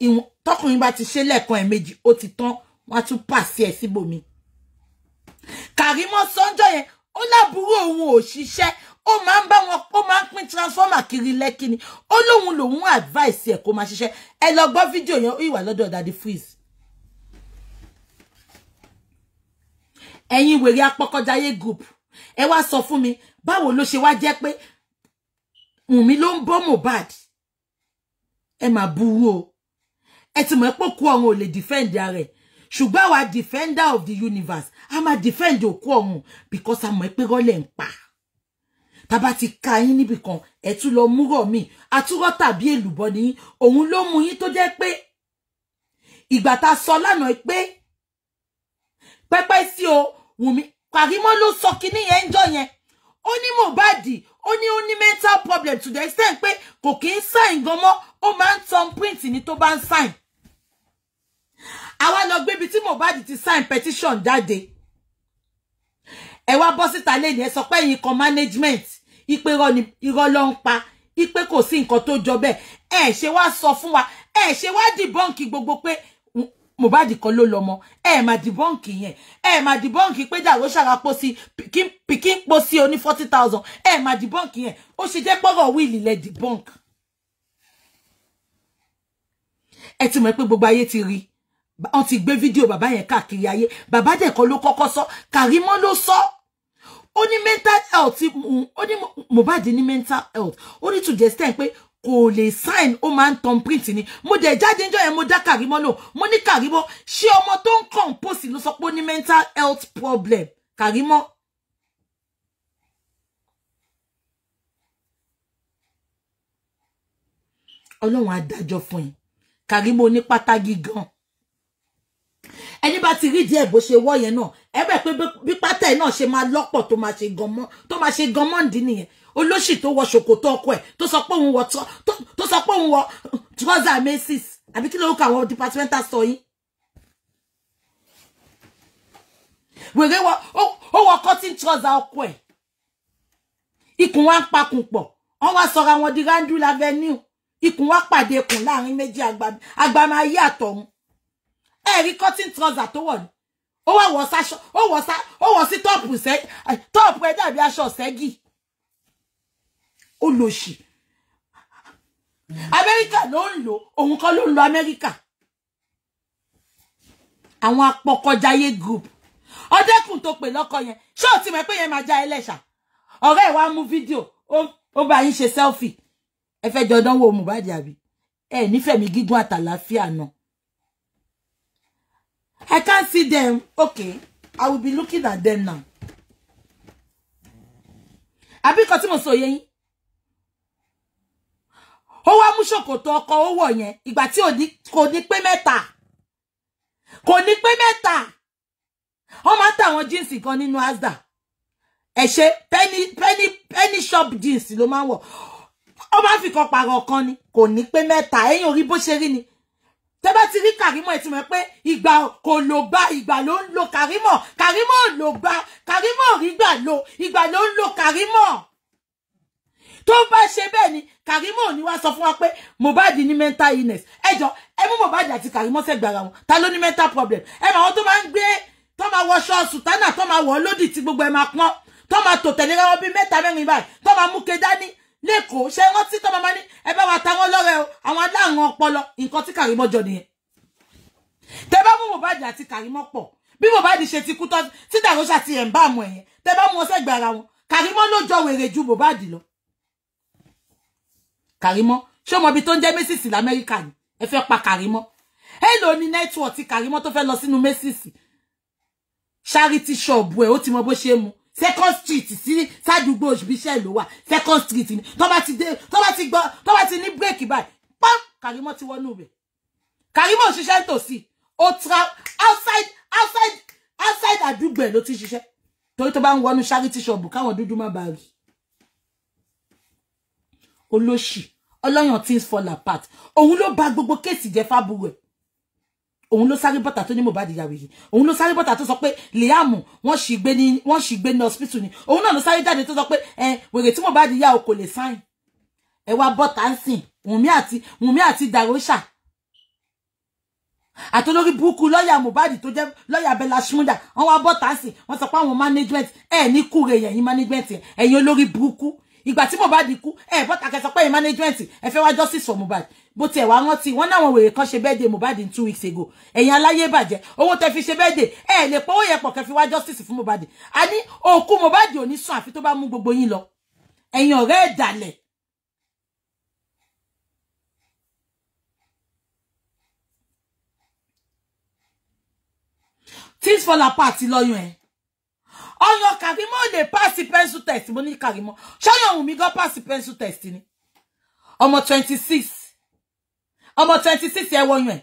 ìwọ̀n tọkùnrin bá ti ṣe lẹ́ẹ̀kan ẹ̀mejì ó ti tán wọ́n á tún pàṣẹ ẹ̀ síbòmí. Kàrímọ́ sọ́njọ́ yẹn ó lábúrò òun ò ṣiṣẹ́ ó máa ń bá wọn ó máa ń pín transformer kiri lekini ni ó lóun advice ẹ̀ kó máa ṣiṣẹ́ ẹ lọ gbọ́ fídíò yẹn ó ìwà Daddy Freeze. ẹ̀yin wèrè apọ́kọ́jáyé group ẹ wá sọ fún mi báwo ló ṣe wá jẹ́ pé Wùnmí ló ń bọ́ Mohbad ẹ máa burú o ẹ ti mọ̀ pé òkú ọ̀run ò lè defend ara ẹ̀ ṣùgbọ́n àwa defender of the universe a máa defend òkú ọ̀run because a mọ̀ pé rọ́lẹ̀ ń pa tàbá ti ka yín níbì kan ẹ tún lọ múrọ̀ mi àtúrọ̀ tàbí èlùbọ́ ni òun ló mú yín tó jẹ́ pé ìgbà tá a sọ lánàá pé pẹ́pẹ́ o Wùnmí Kàrímọ́ lo sọ kinní yẹn ń jọ ó ní Mohbad ó ní ó ní mental problem to the extent pé kò kí ń sign gan mọ́ ó máa ń tan print ní tó bá ń sign àwa lọ gbébi tí Mohbad ti sign petition jáde ẹ wá bọ́ síta lẹ́yìn ẹ sọ pé ẹ̀yin kan management ipe irọ́ ló ń pa ipe kò sí nǹkan tó jọ bẹ́ẹ̀ ẹ ṣe wá sọ fún wa ẹ ṣe wá dìbọ́ǹkì gbogbo pé Mohbad kan ló lọmọ ẹ máa dìbọ́ǹkì yẹn ẹ máa dìbọ́ǹkì pé dàwó ṣàrapò sí pikin po sí oní forty thousand ẹ máa dìbọ́ǹkì yẹn ó ṣe jẹ́ pọ́rọ̀ wíìlì lẹ dìbọ́ǹk. ẹ ti mọ̀ pé gbogbo ayé ti rí wọ́n ti gbé fídíò bàbá yẹn káàkiri ayé bàbá dẹ̀ kan ló kọ́kọ́ sọ Kàrímọ́ ló sọ ó mental health ó ní Mohbad ní mental health ó ní to the extent pé kò lè sign ó máa ń tan print ni mo dẹ̀ jáde níjọ́ yẹn mo dá kàrímọ́ lò mo ní kàrímọ́ ṣé ọmọ tó ń compose ló sọ pé ó ní mental health problem kàrímọ́. ọlọ́run adájọ́ fún yín kàrímọ́ ní pátá gígan ẹni bá ti rí díẹ̀ bó ṣe wọ́ yẹn náà ẹ bẹ̀ pé bí pátá yẹn náà ṣe máa lọ́pọ̀ tó máa ṣe gan mọ́ tó máa ṣe gan mọ́ nìdí nìyẹn olóṣì tó wọ ṣòkòtò ọkọ ẹ̀ tó sọ pé òun wọ tó sọ pé òun wọ trouser macy's àbí kí ló kọ àwọn departmental store yín. wèrè wọ ó wọ cotton trouser ọkọ ẹ̀ ikùn wa ń pakùn pọ̀ wọ́n wá sọra wọn di randul avenue ikùn wa pàdé ikùn láàrin méjì agbama ayé àtọ̀run ẹ̀rí cotton trouser tó wọ̀ ni ó wà wọ̀ sí tọ́ọ̀pù ẹ̀ dàbí aṣọ ṣẹ́gì ó lo ṣì amẹ́ríkà ló ń lò òun kan ló ń lo amẹ́ríkà àwọn apọkọjáyé group ọdẹkùn tó pè lọkọ yẹn ṣé ò ti mọ̀ pé yẹn máa já ẹlẹ́ṣà ọ̀rẹ́ ẹ̀ mú fídíò ó bá yín ṣe sẹ́ọ̀fì ẹ fẹ́ jọ dánwò Mohbad àbí ẹ nífẹ̀mí gígùn àtàlàáfíà náà I can't see them okay I will be looking at them now àbíkọ tí mo sọ yẹ yín ó wá mú ṣòkòtò ọkọ ó wọ̀ yẹn ìgbà tí kò ní pé mẹ́ta kò ní pé mẹ́ta wọ́n máa ń tà àwọn jíǹsì kan nínú asda ẹ penny penny penny shop jeans ló máa ń wọ̀ ó máa ń fi kan pààrọ̀ kan ni kò ní pé mẹ́ta ẹ̀yìn orí bó ṣe rí ni tẹ́ bá ti rí kàrímọ̀ ẹ ti mọ̀ pé ìgbà kò lò gbà ìgbà ló ń lo kàrímọ̀ kàrímọ̀ ò lò gbà kàrímọ̀ ò rí gbà lo ìgbà ló ń lo kàrímọ̀ tó bá ṣe bẹ́ẹ̀ ni Karimo ni wá sọ fún wa pé Mohbad ní mental illness ẹjọ ẹ mú Mohbad àti Karimo sẹgbàrà wọn ta ló ní mental problem ẹ mọ àwọn tó máa ń gbé tó máa wọṣọ sùtánà tó máa wọ lódì tí gbogbo ẹ máa pọn tó máa tò tẹ̀lé wọn bíi mẹ́ta mẹ́rin báyìí tó máa mú ke dání lẹ́kọ̀ọ́ ṣe rántí tó máa ní ẹ bá wa ta wọn lọ́rẹ́ o àwọn aláàrùn ọpọlọ nǹkan tí Karimo jọ nìyẹn tẹ bá mú Mohbad àti Karimo pọ̀ bí Mohbad ṣe ti kú tán tí dàrúṣà ti ẹ̀ ń bá àmọ́ ẹ̀yẹn tẹ bá mú wọn sẹ́gbẹ̀ẹ́ wọn Karimo ló jọ wèrè ju Mohbad lọ Kàrímọ́ ṣé ọmọ ibi tó ń jẹ́ Macy's l'Amẹ́ríkà ni ẹ fẹ́ pa Kàrímọ́ èlò ní network ti Kàrímọ́ tó fẹ́ lọ sínú Macy's charity shop ẹ̀ ó ti mọ bó ṣe mu second street sí sádùúgbò òṣìbíṣẹ́ ló wà second street ni tó bá ti dé tó bá ti gbọ́ tó bá ti ní break báyìí pọ́n Kàrímọ́ ti wọnú rẹ̀ Kàrímọ́ òṣìṣẹ́ ń tòsí ó tra outside outside outside àdúgbò ẹ̀ ló ti ṣiṣẹ́ torí tó bá ń wọnú charity shop káwọn dúdú má bàa rí Oloshi ọlọ́yàn things fall apart òun ló ba gbogbo kéèsì jẹ́ fábùrù ẹ̀ òun ló sáré bọ́tà tó ní Mohbad ìyàwó yìí òun ló sáré bọ́tà tó sọ pé Liam wọ́n sì gbé ní wọ́n sì gbé ní hospital ni òun náà ló sáré jáde tó sọ pé ẹ wèrè tí Mohbad ìyá o kò lè sáìn ẹ wá bọ́tà ń sìn Wùnmí àti Wùnmí àti Darosha àtolórí burúkú lọ́ọ̀yà Mohbad tó jẹ́ lọ́ọ̀yà Bella Shmurda wọ́n wá bọ́tà ń sìn wọ́n sọ pé àwọn management ẹ̀ ní kúrè yẹ̀yìn management ẹ̀yìn olórí burúkú ìgbà tí Mohbad kú ẹ bọ́ta kẹsọ pé management ẹ fẹ́ wá justice for Mohbad bó tiẹ̀ wá rántí wọn náwọn wèrè kan ṣe birthday Mohbad in two weeks ago ẹ̀yin aláyé bàjẹ́ owó tẹ fi ṣe birthday ẹ lè pọ́wọ́ yẹn pọ̀ kẹ́ fi wá justice fún Mohbad a ní òkú Mohbad ò ní sùn àfi tó bá mú gbogbo yín lọ ẹ̀yin ọ̀rẹ́ ẹ̀dàlẹ̀ things fall apart lọ́yún ẹ̀ ọyàn Karimo ò lè pass pencil test mo ní Karimo ṣọyàn Wùnmí gan pass pencil test ni ọmọ twenty six ọmọ twenty six ẹ wọnyún ẹ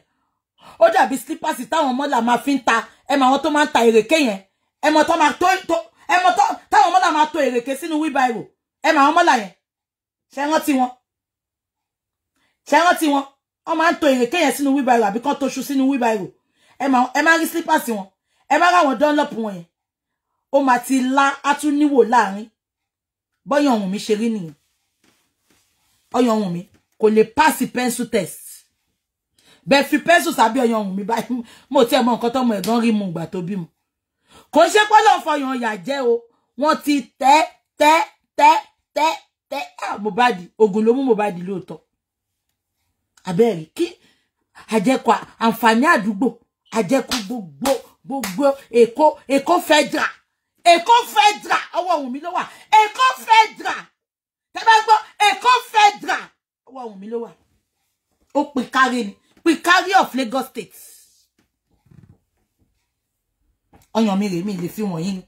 ó dàbí slippers táwọn ọmọ là máa fi ń ta ẹ mọ àwọn tó máa ń ta èrèké yẹn ẹ mọ tó máa tó ẹ mọ tó táwọn ọmọ là máa to èrèké sínú wheelbarrow ẹ mọ àwọn ọmọ là yẹn ṣe rántí wọn ṣe rántí wọn wọn máa ń to èrèké yẹn sínú wheelbarrow àbí kán toṣu sínú wheelbarrow ẹ máa rí slippers wọn ẹ máa ráwọn dunlop wọn yẹn O máa ti lá á tún níwò láàrin bọ́yọ̀ mi ṣe rí nìyẹn ọyọ̀ ọ̀hún mi kò lè pass pencil test bẹ́ẹ̀ fi pencil sábì ọyàn ọ̀hún mi báyìí mo tiẹ̀ mọ nǹkan tọ́mọ ẹ̀gán rí mu ìgbà tó bímọ kò ṣe pọ́lọ̀ fọyàn ọ̀yà jẹ́ o wọ́n ti tẹ́ tẹ́ tẹ́ tẹ́ tẹ́ Mohbad ogun ló mú Mohbad lóòótọ́ abẹ́rẹ́ kí àjẹkù àǹfààní àdúgbò àjẹkù gbogbo gbogbo Èkó Èkó federal èkó fẹ́dra ọwọ́ Wùmí ló wà èkó fẹ́dra tẹ́lá gbọ́ èkó fẹ́dra ọwọ́ Wùmí ló wà ó pìkárí ni pìkárí of Lagos State ọyàn mi rèé mi lè fi wọ̀nyí ni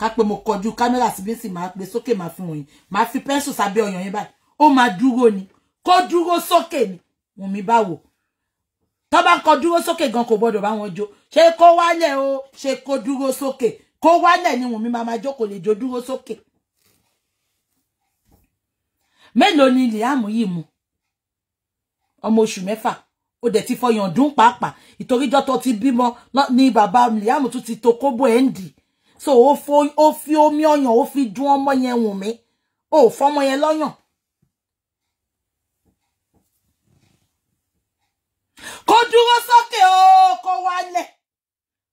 ká pé mo kọjú kámẹ́rà síbí sì máa gbé sókè máa fi wọ̀nyí máa fi pẹ́ńsù sábẹ́ ọyàn yẹn báyìí ó máa dúró ni kó dúró sókè ni Wùmí báwo tó bá ń kọ dúró sókè gan kò gbọdọ̀ bá wọn jó ṣé kó wálẹ̀ o ṣé kó dúró sókè kó wálẹ̀ ni Wùnmí máa máa jókòó lè jó dúró sókè mélòó ni liamu yìí mu ọmọ oṣù mẹ́fà ó dẹ̀ ti fọyàn dún pàápàá ìtoríjọ́ tó ti bímọ ni bàbá Liam tún ti to kóbó ẹ̀ǹdì so ó fi omi ọyàn ó fi dún ọmọ yẹn Wùnmí ó fọmọ yẹn lọ́yàn. kó dúró sókè o kó wálẹ̀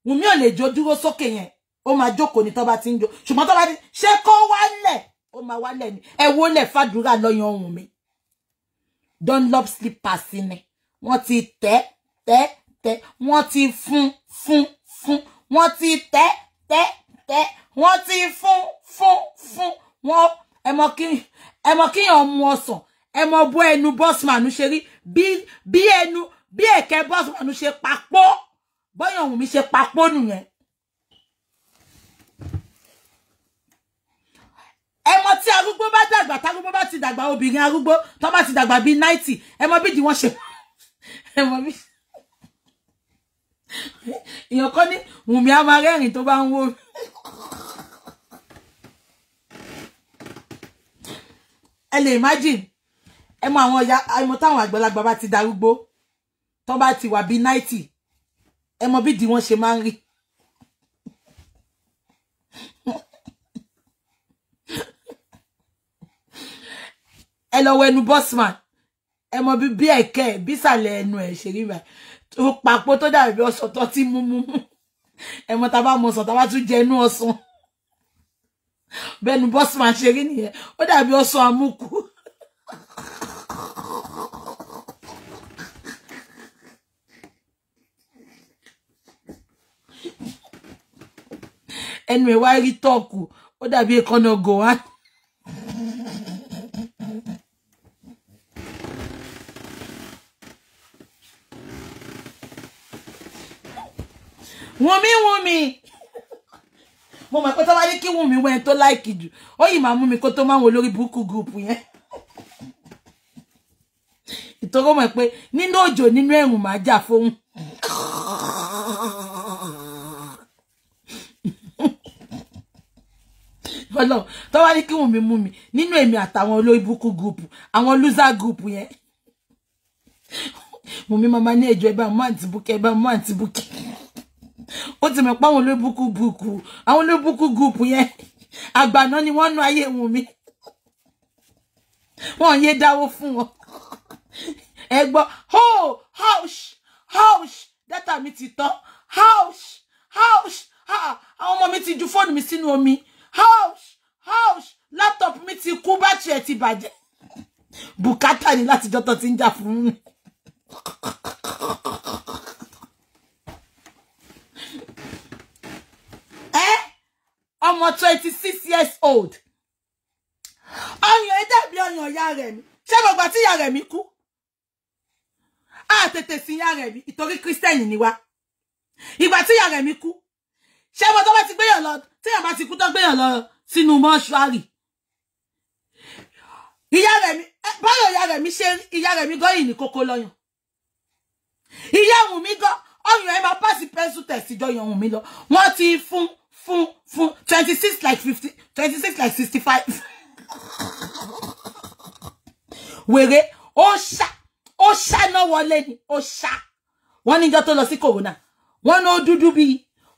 Wùnmí ò lè jó dúró sókè yẹn ó máa jókòó ní tó bá ti ń jó ṣùgbọ́n tó bá ti ṣe kó wálẹ̀ ó máa wálẹ̀ ni ẹ wólẹ̀ fàdúrà lọ́yàn ohun mi dunlop slippers ni wọ́n ti te te. tẹ́ wọ́n ti fun. fún fún wọ́n ti tẹ́ tẹ́ tẹ́ wọ́n ti fún fún fún wọ́n ẹmọ kí ẹmọ kíyàn mu mo ẹmọ bó ẹnu bọ́sùmánú ṣe rí bí bí ẹnu bí èké bọ́sùmánú se papọ̀ bọ́yàn ohun mi ṣe papọ̀ nìyẹn dàgbà tárúgbó bá ti dàgbà obìnrin arúgbó tó bá ti dàgbà bíi náìtì ẹ mọ bídìí wọn ṣe ẹ bí èèyàn kan ní wùmí á máa rẹ́rìn tó bá ń wó. ẹ lè imagine ẹ mọ àwọn ọ̀yà ẹmọ táwọn àgbàlagbà bá ti darúgbó tó bá ti wà bíi náìtì ẹ mọ bídìí wọn ṣe máa ń rí. ẹ lọ wọ ẹnu bosman ẹ mọ bí bí ẹkẹ bísàlẹ̀ ẹnu ẹ ṣe rí báyìí tó papò tó dàbí bí ọsàn tó ti mú mú ẹ mọ tá a bá mọ ọsàn tá a bá tún jẹ inú ọsàn bẹnu bosman ṣe rí nìyẹn ó dàbí ọsàn amúkú. ẹnu ẹ wá rí tọọkù ó dàbí ẹkọ náà Wùnmí Wùnmí. Mo mọ̀ pé tó bá ní kí Wùnmí wẹ́n tó láìkì jù. Ó yìí máa mú mi kó tó máa wọ lórí búkú gúrùpù yẹn. Ìtọ́rọ mọ̀ pé nínú òjò nínú ẹ̀rùn máa jà fóun. Ọlọ́run tó bá ní kí Wùnmí mú mi nínú èmi àtàwọn olórí búkú gúrùpù àwọn lúzà gúrùpù yẹn. Wùnmí mama ní ẹjọ́ ẹ bá mú àǹtí búkẹ́ ẹ bá mú àǹtí búkẹ́ ó ti mọ̀ pé àwọn olóbùkú bùkù àwọn olóbùkú gùpù yẹn àgbàná ni wọ́n nu ayé wù mí wọ́n yé dáwó fún wọn ẹ gbọ́ ho house house dátà mi ti tán house house àwọn ọmọ mi ti ju fóònù mi sínú omi house house laptop mi ti kú bátìrì ẹ̀ ti bàjẹ́ bùkátà ni látijọ́ tó ti ń jà fún mi. ọmọ twenty six years old ọyàn ẹ dàbí ọyàn ìyá rẹ̀ mi ṣé mo gbà tí ìyá rẹ̀ mi kú á tètè sí ìyá rẹ̀ mi ìtorí kírísítẹ́nì ni wá ìgbà tí ìyá rẹ̀ mi kú ṣé mo tó bá ti gbéyàn lọ téèyàn bá ti kú tó gbéyàn lọ sínú mọ́ṣúárì ìyá rẹ̀ mi báyọ̀ ìyá rẹ̀ mi ṣe ìyá rẹ̀ mi gan ìní kókó lọ́yàn ìyá òun mi gan ọyàn ẹ máa pàṣẹ pẹ́ńsù tẹ̀síjọ́ ìyàn òun mi lọ wọ́n ti fún Full, full. twenty six like fifty twenty six like sixty five wèrè ó ṣá ó ṣáná wọlé ni ó ṣá wọn níjọ tó lọ sí corona wọn ní ó dúdú bíi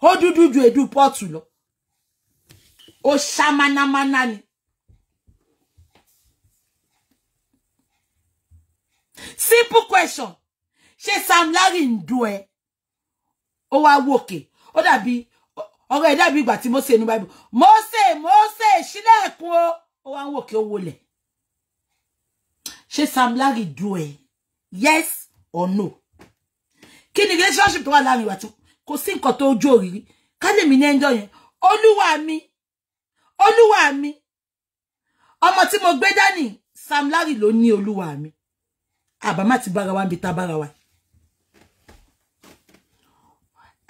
ó dúdú ju èédú pọ́ọ̀tù lọ Osha mana manani. simple question She Sam Larry ń dún ẹ ó wá wòkè ó dàbí ọ̀rọ̀ ẹ̀ dàbí ìgbà tí Mósè inú báìbù Mósè Mósè ṣílẹ̀kùn o ó wá ń wò kí ó wọlẹ̀ ṣé Sam Larry du ẹ yes or no kí ni relationship tó wà láàrin wa tó kò sí nǹkan tó ojú òrìrí ká lè mí ní ẹjọ́ yẹn olúwa mi olúwa mi ọmọ tí mo gbé dání Sam Larry ló ní olúwa mi àbámá ti bára wa ń bi ta bára wa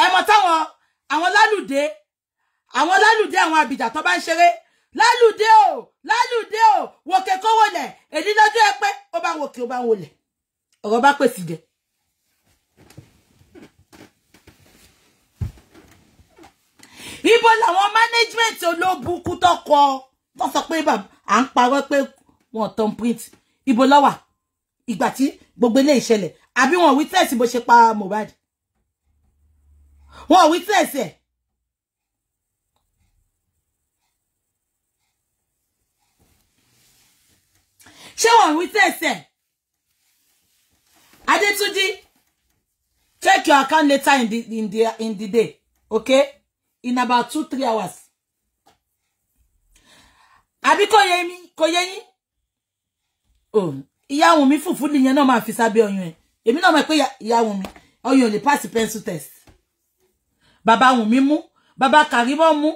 ẹ mọ táwọn àwọn lálùdé àwọn lálùdé àwọn àbìjà tó bá ń ṣeré lálùdé o lálùdé o wòkè kówó lẹ̀ èdè lọ́jọ́ ẹ pé ó bá wòkè ó bá wòlẹ̀ ọ̀rọ̀ bá pèsè jẹ. ibo làwọn management olóbùkún tọkọ tó sọ pé à ń parọ́ pé wọ́n tán print ibo ló wà ìgbà tí gbogbo ilé ìṣẹ̀lẹ̀ àbí wọn witness bó ṣe pa Mohbad wọn witness ẹ̀. ṣé wọn witness ẹ̀. Adetunji check your account later in the in the in the day okay in about two three hours. àbí kò yé mi kò yé yín ìyá àwọn mi fùfú nìyẹn náà máa fi sábẹ́ ọyàn ẹ̀ èmi náà mọ̀ pé ìyá àwọn mi ọyàn ò lè pass pencil test bàbá Wùnmí baba bàbá Kàrímọ́ mú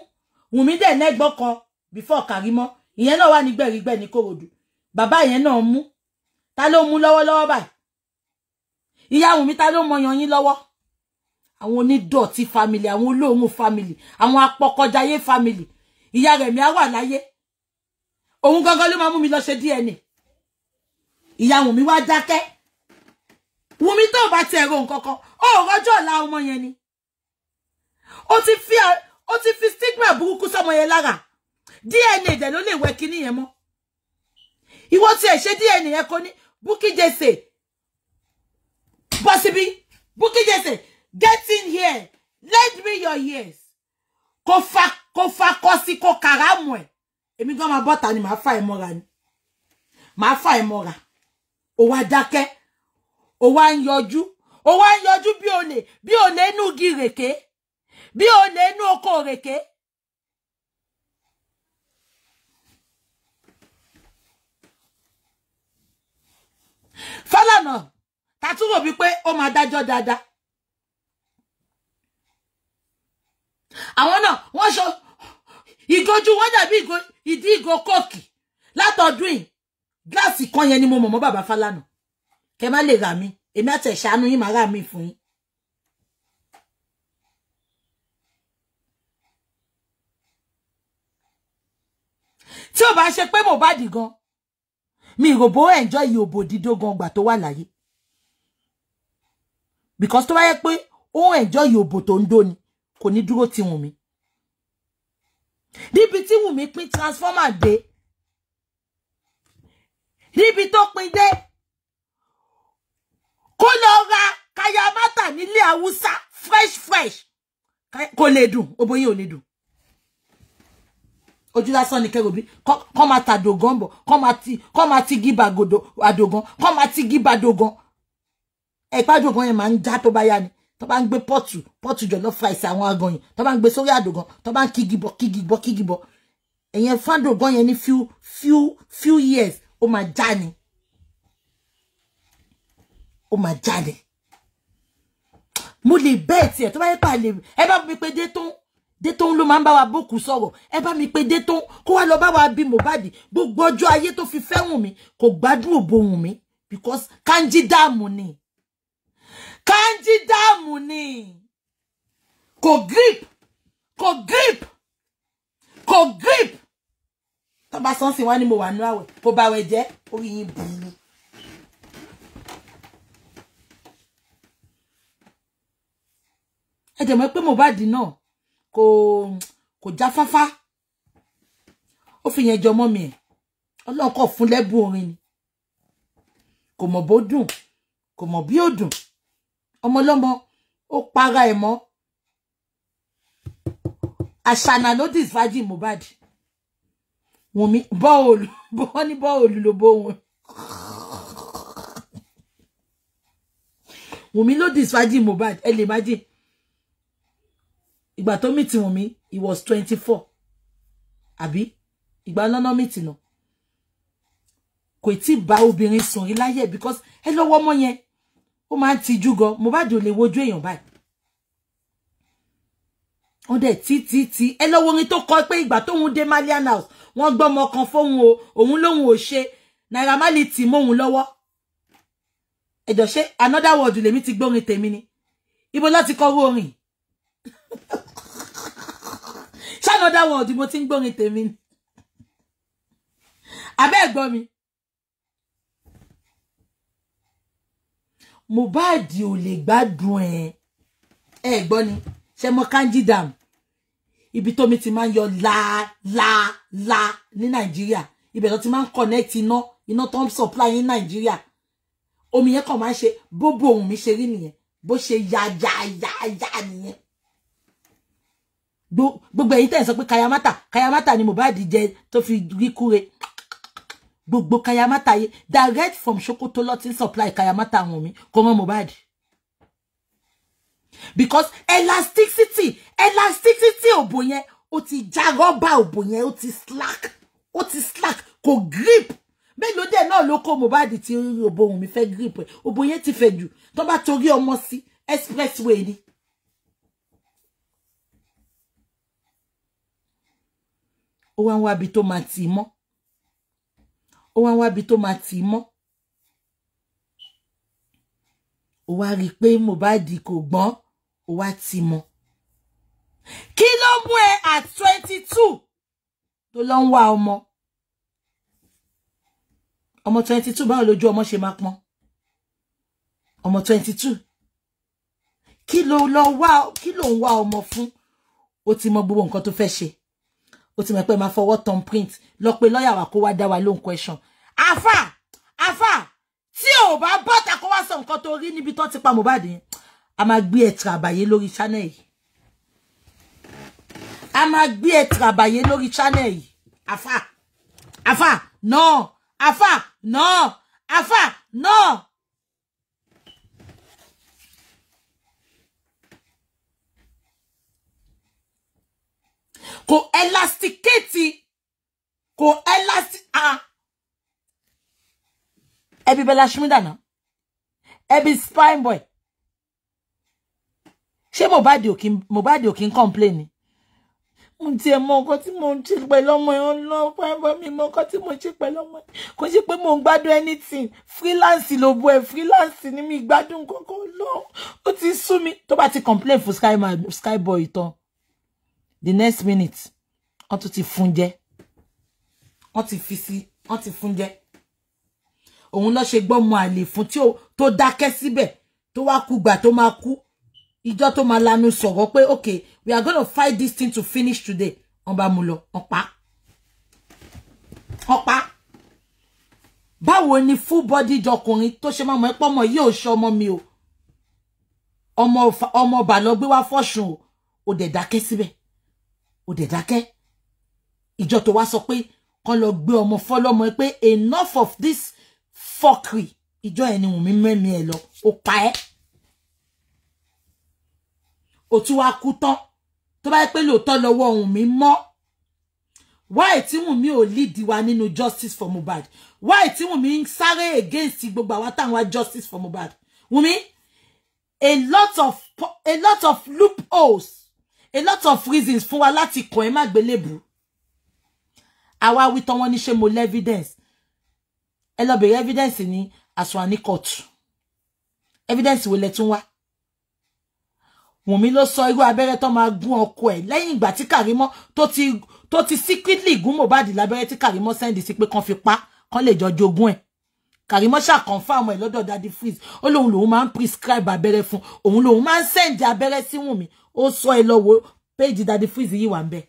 Wùnmí dẹ̀ nẹ́gbọ́n kan before Kàrímọ́ ìyẹn wa wà ní gbẹ̀rígbẹ̀ ní Kòròdú bàbá yẹn náà mú ta ló mú lọ́wọ́lọ́wọ́ báyìí ìyá Wùnmí ta ló mọyàn yín lọ́wọ́ àwọn onídọ̀tí family àwọn olóòórùn family àwọn apọkọjayé family ìyá Rẹ̀mí á wà láyé òun gangan ló máa mú mi lọ ṣe DNA ìyá Wùnmí wá dákẹ́ Wùnmí tó bá ti ẹ̀rọ nǹkan kan ó rọjò ọ̀la ọmọ ni O ti fi ó ti fi stigma burúkú sọmọ yẹn lára DNA dẹ̀ ló lè wẹ kíní yẹn mọ́ ìwọ tiẹ̀ ṣe DNA yẹn kò ní Bukky Jesse bọ́sibí Bukky Jesse get in here Let me your ears kò fa kò fa kọ sí kò kàràmù ẹ̀ èmi gan máa bọ́ta ni màá fà ẹ̀ mọ́ra ni màá fà ẹ̀ mọ́ra ó wá dákẹ́ ó wá ń yọjú ó wá ń yọjú bí olè bí olè inú gírèké bí olè inú oko òrèké. Fálànà tàtúrò wípé ó máa dájọ́ dáadáa. àwọn náà wọ́n sọ ìgojú wọ́n dàbí ìdí ìgò kọ́ọ̀kì látọ̀dún yìí gíláàsì kan yẹn ni mo mọ̀ mọ́ bàbá Fálànà kẹ má lè rà mí èmi àti ẹ̀ṣánú yín máa rà mí fún yín. tí ò bá ṣe pé Mohbad gan mi ò enjoy òbò dídó gan gbà tó wà láyé because to bá yẹ pé ó enjoy òbò tó ń dó ni kò ní dúró ti Wùnmí níbi tí Wùnmí pín transformer dé níbi tó pín dé kó lọ ra kayamata nílé haúsá fresh fresh kò lè dùn òbò yín ò ní ojú lásán ni kẹrò bí kọ́ máa tàdògán bọ̀ kọ́ máa ti gíba àdògán kọ́ máa ti gíba àdògán ẹ̀pá àdògán yẹn máa ń já tó bá yá ni tó bá ń gbé pọ́ọ̀tù pọ́ọ̀tù jọ̀lọ́ fa ìsà àwọn agànyìn tó bá ń gbé sórí àdògán tó bá ń kígibọ̀ kígibọ̀ kígibọ̀ ẹ̀yẹn fàdògán yẹn ní few few few years ó máa já ni ó máa já ni mo lè bẹ́ẹ̀ tiẹ̀ tó bá yẹ pa lè ẹ bá mi pe dé tó Détòun ló máa ń bá wa bókù sọ̀rọ̀ ẹ bá mi pé Détòun kó wá lọ bá wa bí Mohbad gbogbo ọjọ́ ayé tó fi fẹ́ Wùnmí kò gbádùn òbò Wùnmí because Kánjí dààmú ni Kánjí dààmú ni kò grip kò grip kò grip tọ́ba sọ́nsìn wá ní mo wà nú àwẹ̀ kò bá wẹ̀ jẹ́ orí yín burú. ẹ jẹ̀ mọ́ pé Mohbad náà kò kò jáfáfá o fi yẹn jọ mọ́ mi ẹ̀ ọlọ́run kọ̀ fún lẹ́bùn orin ni kò mọ̀ bó dùn kò mọ̀ bí ó dùn ọmọlọ́mọ ó para ẹ̀ mọ́ àṣànà ló dì fájì Mohbad wùnmí bọ́ọ̀lù bọ́ ní bọ́ọ̀lù ló bó wọn wùnmí ló dì fájì Mohbad ẹ lè má ìgbà tó mìtì wùn mí he was twenty four àbí ìgbà lọ́nà mìtì náà kò tí ì bá obìnrin sùn rí láyé because ẹ lọ́wọ́ ọmọ yẹn ó máa ń tijú gan Mohbad ò lè wojú èèyàn báyìí wọ́n dẹ̀ tí tí tí ẹ lọ́wọ́ orin tó kọ pé ìgbà tóun dé malian house wọ́n gbọ́ ọmọ kan fóun o òun lòun ò ṣe Naira Marley tì móun lọ́wọ́ ẹ̀dọ̀ ṣe another word lèmi ti gbórin tèmi ni ibo láti kọ́ orin another world mo ti ń gbórin tèmi ni abẹ́ ẹ̀gbọ́ mi Mohbad ò lè gbádùn ẹ̀ ẹ̀ gbọ́ ni ṣe mọ kanji dam ibi tómi ti máa la yọ láàláà ní nàìjíríà ibẹ̀ to ti máa ń connect iná iná tó ń supply ní nàìjíríà omi yẹn kàn máa ń ṣe bo ohun mi ṣe rí nìyẹn bó ṣe yá yá yá yá nìyẹn gbogbo ẹ̀yin tẹ̀ ń sọ pé kayamata kayamata ni Mohbad jẹ tó fi rí kúre gbogbo kayamata yẹ direct from Sokoto ló ti ń supply kayamata wọn mi kò mọ Mohbad because elasticity elasticity òbò yẹn ó ti já rọ́bà òbò yẹn ó ti slack ó ti slack kò grip mélòó dẹ̀ náà ló kó Mohbad tí òbò òun mi fẹ́ grip ẹ̀ òbò yẹn ti fẹ̀ jù tó bá torí ọmọ sí expressway ni ó wá ń wábi tó máa tì í mọ́ ó wá ń wábi tó máa tì í mọ́ ó wá rí i pé Mohbad kò gbọ́n ó wá tì í mọ́ kí ló at twenty two tó lọ ń Omo ọmọ ọmọ twenty two báwo lójú ọmọ ṣe máa pọ́n ọmọ twenty two kí ló lọ wá kí o ń wá ọmọ fún ti mọ gbogbo nǹkan tó fẹ́ ṣe ó ti mọ̀ pé máa fọwọ́ tom print lọ pé lọ́ọ̀yà wa kó wá dá wa lóhùn question afa afa tí ò bá bọ́ta kó wá sọ nǹkan tó rí níbi tó ti pa Mohbad yẹn a máa gbé ẹ̀ tìràbàyé lórí channel yìí a máa gbé ẹ̀ tìràbàyé lórí channel yìí afa afa no. afa no. afa No. kò elasticate kò elasti ah ẹbí bẹlá na, ẹbí spine boy ṣé mo òkín Mohbad òkín complain mo tiẹ̀ mọ nǹkan tí mo ń ṣe pẹ̀lú ọmọ ẹ̀ ọlọ́pàá ẹ̀fọ́ mi mọ nǹkan tí mo ṣe pẹ̀lú ọmọ ẹ̀ kò ṣe mo ń anything freelance ló bu ẹ̀ freelance ni mi gbádùn kankan lọ ó ti sú mi tó bá ti complain fún sky boy tán the next minute wọ́n tún ti fún jẹ wọ́n ti fi sí wọ́n ti fún jẹ òun náà ṣe gbọ́mọ àlè fún tí ó tó dákẹ́ síbẹ̀ tó wá kú gbà tó máa kú ìjọ tó máa lanu sọ̀rọ̀ pé okay we are going to fight this thing to finish today wọ́n bá mú lọ wọ́n pa wọ́n pa báwo ni full body jọkùnrin to ṣe máa mọ ẹpọ ọmọ yìí ò ṣe omo mi o ọmọ ọmọ ọba lọ gbé wá fọṣùn o ò dẹ̀ dákẹ́ ó dẹ̀ dákẹ́ ìjọ tó wá sọ pé kán lọ gbé ọmọ fọlọ́mọ ẹ pé enough of this fọkìrì ìjọ ẹ̀ ni Wùnmí mẹ́mi ẹ̀ lọ ó pa ẹ́ ó tún wá kú tán tó bá yẹ pé lóòótọ́ lọ́wọ́ Wùnmí mọ́ why tí Wùnmí ò lead wa nínú justice for Mohbad why tí Wùnmí ń sáré against gbogbo àwa táwọn wá justice for Mohbad Wùnmí a lot of a lot of loopholes a lot of reasons fún wa láti kàn ẹ́ má gbélébùú àwa wí tán wọ́n ní ṣe mo evidence ẹ lọ bèrè evidence ní àsùnwà ní kóòtù evidence wo lẹ tún wá Wùnmí ló sọ irú abẹ́rẹ́ tó máa gún ọkọ ẹ̀ lẹ́yìn ìgbà tí Kàrímọ́ tó ti tó ti secretly gún Mohbad lábẹ́rẹ́ tí Kàrímọ́ sẹ́ndì sí pé kán fi pa kán lè jọ jogún ẹ̀ Karimo ṣá confirm ẹ̀ lọ́dọ̀ Daddy Freeze ó lóun lòun máa ń prescribe abẹ́rẹ́ fún òun lòun máa ń send abẹ́rẹ́ sí Wùnmí ó sọ ẹ lọ́wọ́ péjì Daddy Freeze yìí wà ń bẹ̀.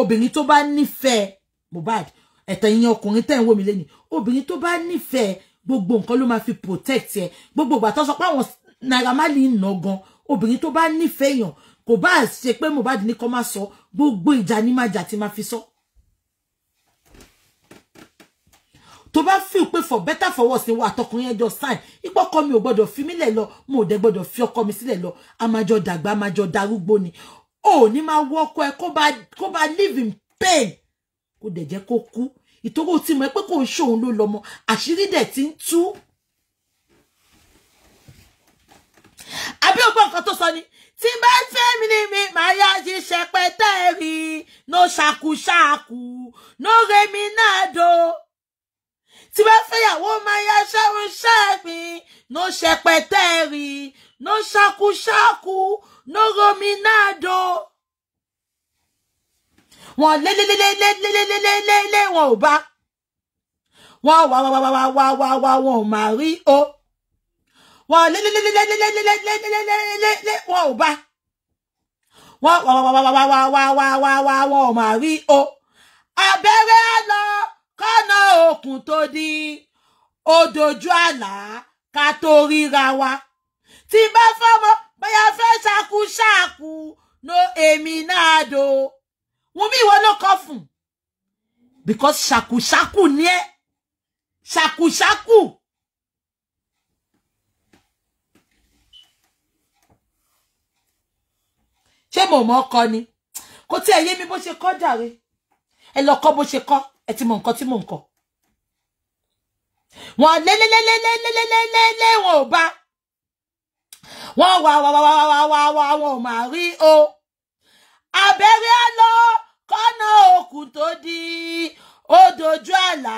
obìnrin tó bá nífẹ̀ẹ́ Mohbad ẹ̀tẹ̀ ìyẹn ọkùnrin tẹ̀ ń wò mí lẹ́nu obìnrin tó bá nífẹ̀ẹ́ gbogbo nǹkan ló máa fi protect ẹ gbogbo ìgbà tó sọ pé àwọn Naira Marley ń nà gan obìnrin tó bá nífẹ̀ẹ́ èèyàn kò bá ṣe pé Mohbad ní kó má sọ gbogbo ìjà ní má jà tí má fi sọ. So. tó bá feel pé for better for worse ìwà àtọkùnrin ẹjọ sign ipò ọkọ mi ò gbọ́dọ̀ fi mí lẹ̀ lọ mo ò dẹ̀ fi ọkọ mi sílẹ̀ lọ a máa jọ dàgbà a máa jọ ni o ò ní máa wọ ọkọ ẹ kó bá live in pain kó dẹ̀ jẹ́ kó kú ìtòkò tí mo ẹ pé kò ń ṣòun ló lọmọ àṣírí dẹ̀ ti ń tú. àbí ògbọ́n nǹkan tó sọ ni tí bá ń fẹ́ mi ní mi màá yá ṣiṣẹ́ pẹ́tẹ́rì no ṣàkúṣàkú no remi náà dò tí bá fẹ́yàwó máa yá ṣẹ́run ṣẹ́ẹ̀gbìn ló ṣẹpẹtẹ́ rí ló ṣakúṣakú ló rominado. wọn lélélélélélélélélé wọn ò bá wọn wà wà wà wà wà wà wà wọn ò máa rí o wọn lélélélélélélélélélé wọn ò bá wọn wà wà wà wà wà wà wà wà wà wọn ò máa rí o abẹ́rẹ́ lọ kọ́nà òkun tó di ó dojú àlá ká tó ríra wa tí bá fọmọ bóyá fẹ́ ṣàkú ṣàkú no èmi náà do Wùnmí ìwọ ló kọ fún because ṣàkúṣàkú ni ẹ ṣàkúṣàkú. ṣé mo mọ̀ ọ́ kọ ni kò tí ẹ yé mi bó ṣe kọ́ jàre ẹ lọ kọ́ bó ṣe kọ́ ẹ ti mọ nǹkan tí mò ń kọ wọn lélélélélélélélélé wọn ò bá wọn wà wà wà wà wà wà wà wọn ò máa rí o abẹ́rẹ́ àlọ́ kọ́nà òkun tó di ó dojú àlá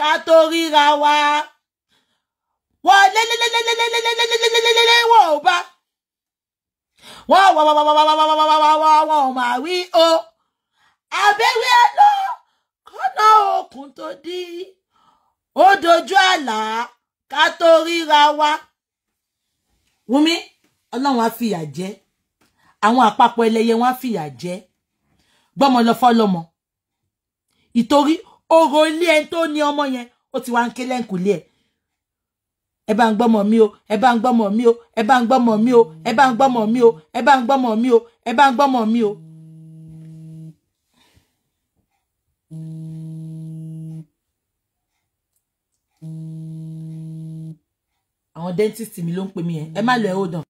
ká tó ríra wa wọn lélélélélélélélélélé wọn ò bá wọn wà wà wà wà wà wà wà wà wà wọn ò máa rí o abẹ́rẹ́ àlọ́ ọ̀nà òkun tó dí ó dojú àlá ká tó ríra wa. Wùmí ọlọ́run á fìyà jẹ àwọn àpapọ̀ ẹlẹ́yẹ wọn á fìyà jẹ gbọ́mọ lọ fọ́lọ́mọ ìtorí oró ilé ẹni tó ní ọmọ yẹn ó ti wá ń ké lẹ́ǹkùlé ẹ̀ ẹ bá ń gbọ́mọ mi o ẹ bá ń gbọ́mọ mi o ẹ bá ń gbọ́mọ mi o ẹ bá ń gbọ́mọ mi o ẹ bá ń gbọ́mọ mi o ẹ bá ń gbọ́mọ mi o. àwọn dentist mi ló ń pè mí yẹn ẹ má lọ ẹ hold on.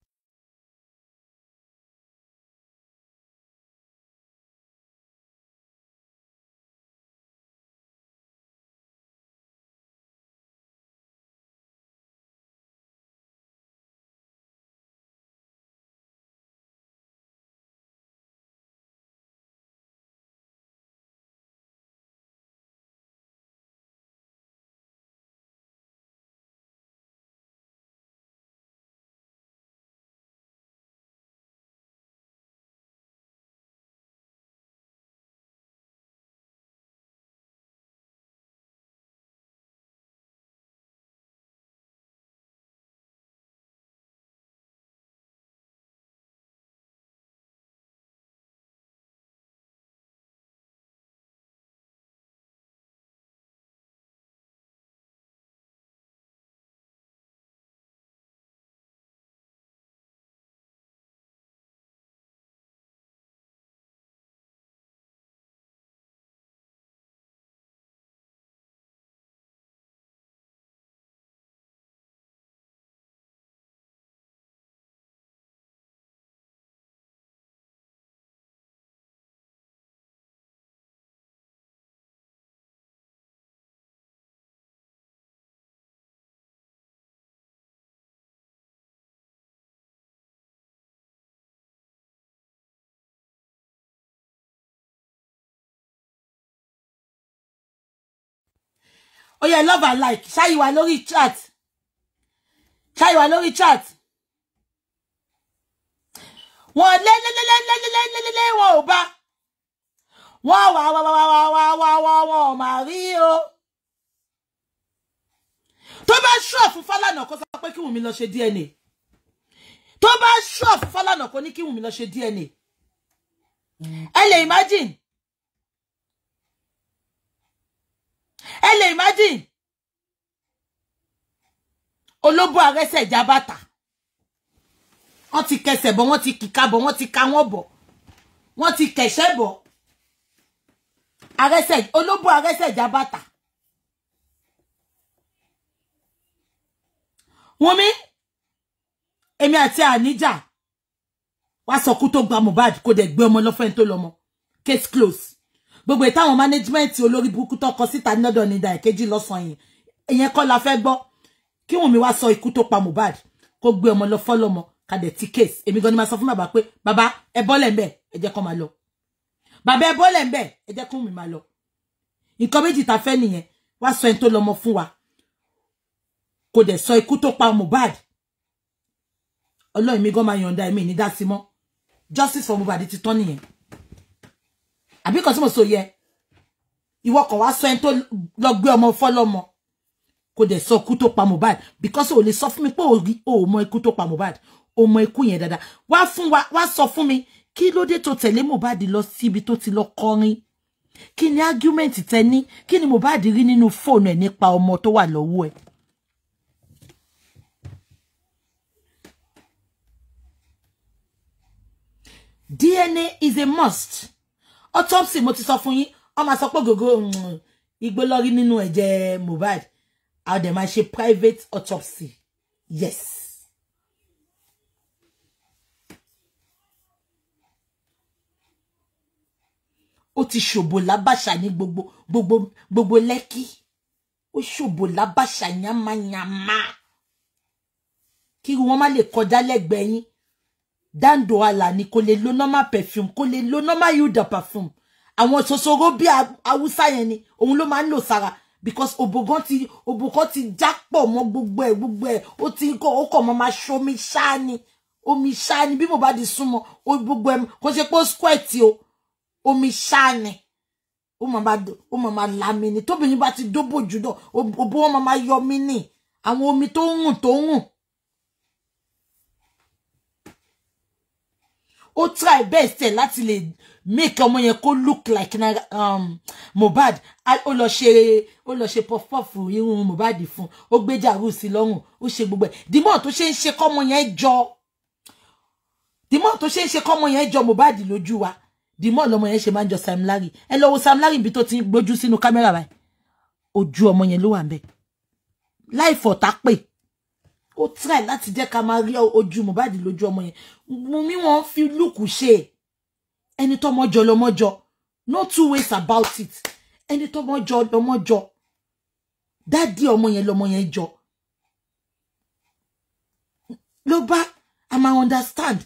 Oh yeah, love and like ṣáyí wa lórí chat ṣáyí wa lórí chat le le le ò bá wọn wà wà wà wà wà wà wà wọn ò mà rí o tó bá ṣọ́ọ̀fù Fálànà kó sọ pé kí Wùmí lọ ṣe DNA tó bá ṣọ́ọ̀fù Fálànà kó ní kí Wùmí lọ ṣe DNA ẹ le imagine ẹ lè imagine olóbó arẹ́sẹ̀ já bàtà wọ́n ti kẹsẹ̀ bọ̀ wọ́n ti kìka bọ̀ wọ́n ti ka wọ́n bọ̀ wọ́n ti kẹ̀ṣẹ́ bọ̀ arẹ́sẹ̀ olóbó arẹ́sẹ̀ já bàtà Wunmi èmi àti àníjà wá sọ kú tó gba Mohbad kó dẹ̀ gbé ọmọ lọ́fẹ́ tó lọ́mọ case close gbogbo ìtàwọn management olórí burúkú tó kọ síta nọ́dọ̀ ní ìdàkejì lọ́sàn yìí ìyẹn kọ́ la fẹ́ gbọ́ kí Wùnmí wá sọ ikú tó pa Mohbad kó gbé ọmọ lọ fọ́lọ́mọ kadẹ̀ tí case èmi gan ni máa sọ fún bàbá pé bàbá ẹ bọ́lẹ̀ ń bẹ̀ ẹ jẹ́ kó máa lọ bàbá ẹ bọ́lẹ̀ ń bẹ̀ ẹ jẹ́ kó Wùnmí máa lọ nǹkan méjì ta fẹ́ nìyẹn wá sọ ẹni tó lọmọ fún wa kò dẹ̀ sọ ikú tó pa Mohbad ọlọ́run mi gan máa yọ̀ǹda ẹ̀mí ní dá sí mọ́ justice for Mohbad ti tán nìyẹn àbí kan tí mo sọ yẹ ìwọ kan wá sọ ẹni tó lọ gbé ọmọ fọlọmọ kò dẹ̀ sọ ikú tó pa Mohbad because o lè sọ fún mi pé o mọ ikú tó pa Mohbad o mọ ikú yẹn dáadáa wá fún wa wá sọ fún mi kí ló dé tó tẹ̀lé Mohbad lọ síbi tó ti lọ kọrin kí ni argument tẹ ní kí ni Mohbad rí nínú fóònù ẹ̀ nípa ọmọ tó wà lọ́wọ́ ẹ̀. DNA is a must autopsy mo ti sọ fún yín wọ́n máa sọ pé gògó mm, igbó lọ́rí nínú ẹ̀jẹ̀ Mohbad a dẹ̀ ma ṣe private autopsy yes. O ti ṣòbò lábàṣà ní gbogbo gbogbo gbogbo lẹ́kì ó ṣòbò lábàṣà yamayama kí wọ́n má lè kọjá lẹ́gbẹ̀ẹ́ yín Dan Doala ni kò lè lo normal perfume kò lè lo normal Hilda perfume àwọn ṣoṣoro bí Haúsá yẹn ni òun ló máa ń lò because òbògán ti òbògán ti já pọ̀ mọ́ gbogbo ẹ̀ gbogbo ẹ̀ ó ti kọ́ o kọ̀ mọ́ máa ṣomi ṣáá ni omi ṣáá ni bí mo bá di súnmọ́ ó gbogbo ẹ̀ kò ṣe pé ó squirt o omi ṣáá ni ó mọ̀ máa ó mọ̀ la mi ni tóbìnrin bá ti dóbòjú náà òbó wọn máa yọ mí ni àwọn omi tó ń rùn tó ó try best ẹ̀ láti lè make ọmọ yẹn kó look like na um, Mohbad ó lọ ṣe ó lọ ṣe pọfupọfu irun Mohbad fún ó gbé jàrú sí lọ́rùn ó ṣe gbogbo ẹ̀ dìmọ̀ tó ṣe ń ṣe kọ́mọ yẹn jọ dìmọ̀ tó ṣe ń ṣe kọ́mọ yẹn jọ Mohbad lójú wa dìmọ̀ lọ́mọ yẹn ṣe máa ń jọ Sam Larry ẹ lọ wo Sam Larry ibi tó ti gbójú sínú kámẹ́rà báyìí ojú ọmọ yẹn ló wà ń bẹ̀ láì fọ̀tá pè ó try láti jẹ́ ká máa rí ojú Mohbad lójú ọmọ yẹn Wunmi wọn fi lùkù ṣe ẹni tọmọjọ lọmọjọ no two ways about it ẹni tọmọjọ lọmọjọ dádì ọmọ yẹn lọmọ yẹn jọ ló bá a máa understand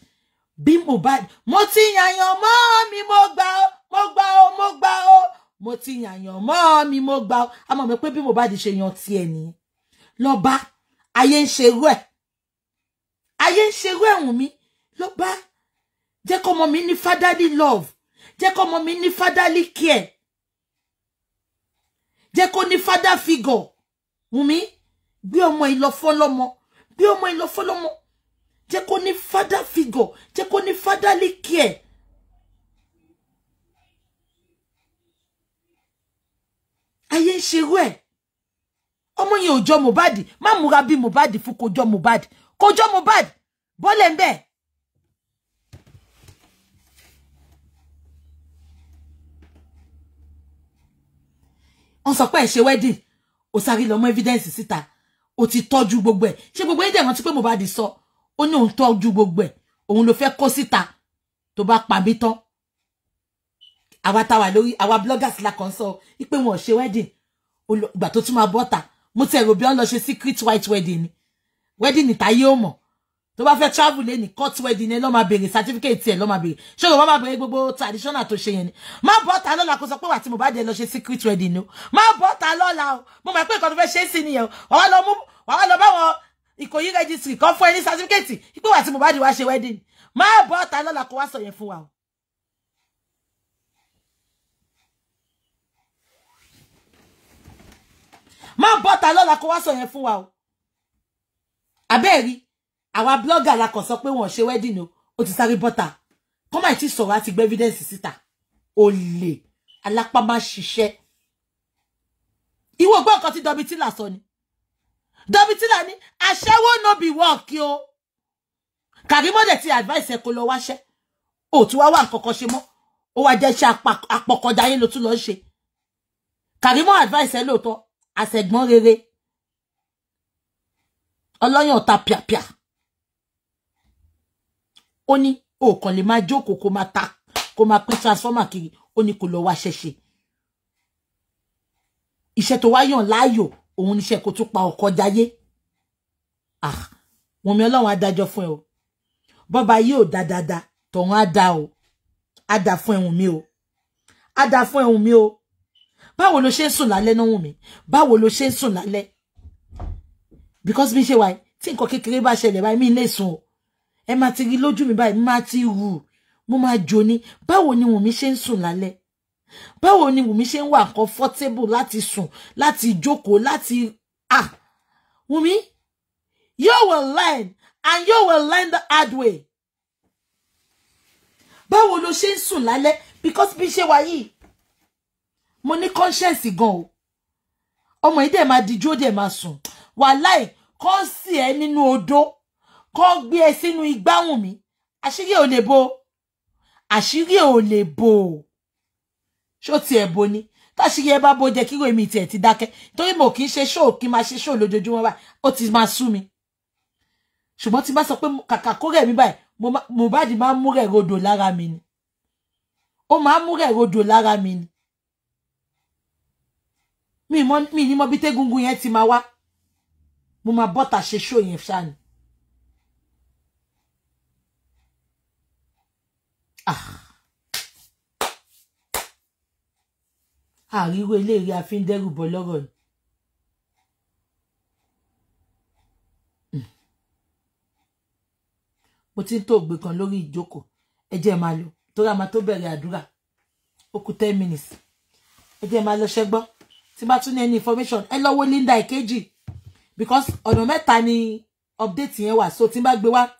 bí Mohbad mo ti yàyàn mọ́ mi mo gbà ó mo gbà ó mo gbà ó mo ti yàyàn mọ́ mi mo gbà ó a mọ̀ mi pé bí Mohbad ṣe yan tiẹ̀ nìyẹn lọ́ba ayé ń ṣerú ẹ̀ ayé ń ṣerú ẹ̀ wùn mí ló bá jẹ́ kọ́mọ mi ní fatherly love jẹ́ kọ́mọ mi ní fatherly care jẹ́ kó ní father figure wùn mí gbé ọmọ ìlọfọlọmọ gbé ọmọ ìlọfọlọmọ jẹ́ kó ní father figure jẹ́ kó ní fatherly care. ayé ń ṣerú ẹ̀ ọmọ yẹn ò jọ Mohbad má múra bí Mohbad fún kò jọ Mohbad kò jọ Mohbad bọ́lẹ̀ ń bẹ̀. wọ́n sọ pé ẹ̀ ṣe wedding ó sáré lọ mọ́ evidence síta ó ti tọ́jú gbogbo ẹ̀ ṣé gbogbo ẹ̀ dẹ̀ rántí pé Mohbad sọ ó ní òun tọ́jú gbogbo ẹ̀ òun ló fẹ́ kó síta tó bá pa mí tán àwa táwa lórí àwa bloggers la kàn sọ wípé wọn ò ṣe wedding ìgbà tó tún máa bọ́ta mo ti ẹ̀rọ bí wọ́n lọ ṣe secret white wedding ni wedding ìtayé ò mọ̀ tó bá fẹ́ travel lé ní court wedding ẹ lọ́ máa béèrè certificate ẹ lọ́ máa béèrè ṣé o máa béèrè gbogbo traditional tó ṣe yẹn ni má bọ́ ta lọ́la kó sọ pé wà tí mo bá dé lọ ṣe secret wedding ni o má bọ́ ta lọ́la o mo máa pé nǹkan tó fẹ́ ṣe é sí nìyẹn o wàá lọ mú wàá lọ bá wọn ìkòyí registry kan fún ẹ certificate pé wà tí mo bá dé wá ṣe wedding má bọ́ ta lọ́la kó wá sọ yẹn fún wa o má bọ́ta lọ́la kó wá sọ yẹn fún wa o abẹ́ẹ̀rí àwa blọ́gà la kàn sọ pé wọ́n ṣe wedding o ó ti sáré bọ́ta kọ́mà ìtì sọ̀rọ̀ àti gbé evidence síta olè alápá má ṣiṣẹ́ ìwọ gbọ́ nǹkan tí dọ́bítìlà sọ ni dọ́bítìlà ní aṣẹ́wó no be work o kàrímọ́dẹ̀ ti advice ẹ̀ kó lọ wáṣẹ́ ò tún wá wà nǹkan kan ṣe mọ́ ó wá jẹ́ iṣẹ́ apọ̀kọ̀dáyé ló tún lọ ṣe kàrímọ́ advice ẹ̀ lóòótọ́ àṣẹ̀gbọ́n rere ọlọ́yàn ta pìàpìà ó ní òkàn lè máa jókòó kó máa ta kó máa pín transformer kiri ó ní kó lọ wá ṣẹṣe iṣẹ́ tó wá yàn láàyò òun níṣẹ́ kó tún pa ọkọ jayé ah wọn mi Ọlọ́run adájọ́ fún ẹ o bọba yìí ò dáadáa tọ̀hún á dá o á dá fún ẹ̀hún mi o á dá fún ẹ̀hún mi o báwo ló ṣe ń sùn lálẹ́ náà wù mí báwo ló ṣe ń sùn lálẹ́ because bí ṣe wà tí nǹkan kékeré bá ṣẹlẹ̀ báyìí mi lè sùn o ẹ máa ti rí lójú mi báyìí máa ti wù mo máa jò ní báwo ni wùmí ṣe ń sùn lálẹ́ báwo ni wùmí ṣe ń wà comfortable láti sùn láti jókòó láti ah wùmí you will learn and you will learn the hard way báwo ló ṣe ń sùn lálẹ́ because bí ṣe wà mo ní conscience gan o ọmọ yìí dẹ̀ máa de ó dẹ̀ máa sùn wàláì kọ́ sì ẹ́ nínú odó kọ́ gbé ẹ sínú igbáhùn mi àṣírí ò lè bo àṣírí ò lè bo ṣó tiẹ̀ bo ni táṣírí ẹ bá bo jẹ́ kíro èmi tiẹ̀ ti dákẹ́ torí mo kì í ṣe ṣóò kí n máa ṣe ṣóò lójoojúmọ́ ti máa sú mi ṣùgbọ́n tí bá sọ pé kàkà kó rẹ̀ mi báyìí Mohbad máa ń múrẹ̀ rodò lára mi ni ó máa ń múrẹ̀ rodò lára mi ni mi mọ mi ní mọ bí tégúngún yẹn ti máa wá mo máa bọ́tà ṣe ṣó yẹn ṣáà ni. Ah. àríwó eléyìí a fi ń dẹ́rù bọ́ lọ́rọ̀ ni. Hmm. mo ti ń tó ògbé kan lórí ìjókòó ẹ jẹ́ máa lọ torí a máa tó bẹ̀rẹ̀ àdúrà minutes eje jẹ́ máa lọ ṣẹ́gbọ́n tí bá tún any information ẹ lọ wo Linda ekeji because ọ̀nà mẹ́ta ni update yẹn wà so tí n bá gbé wá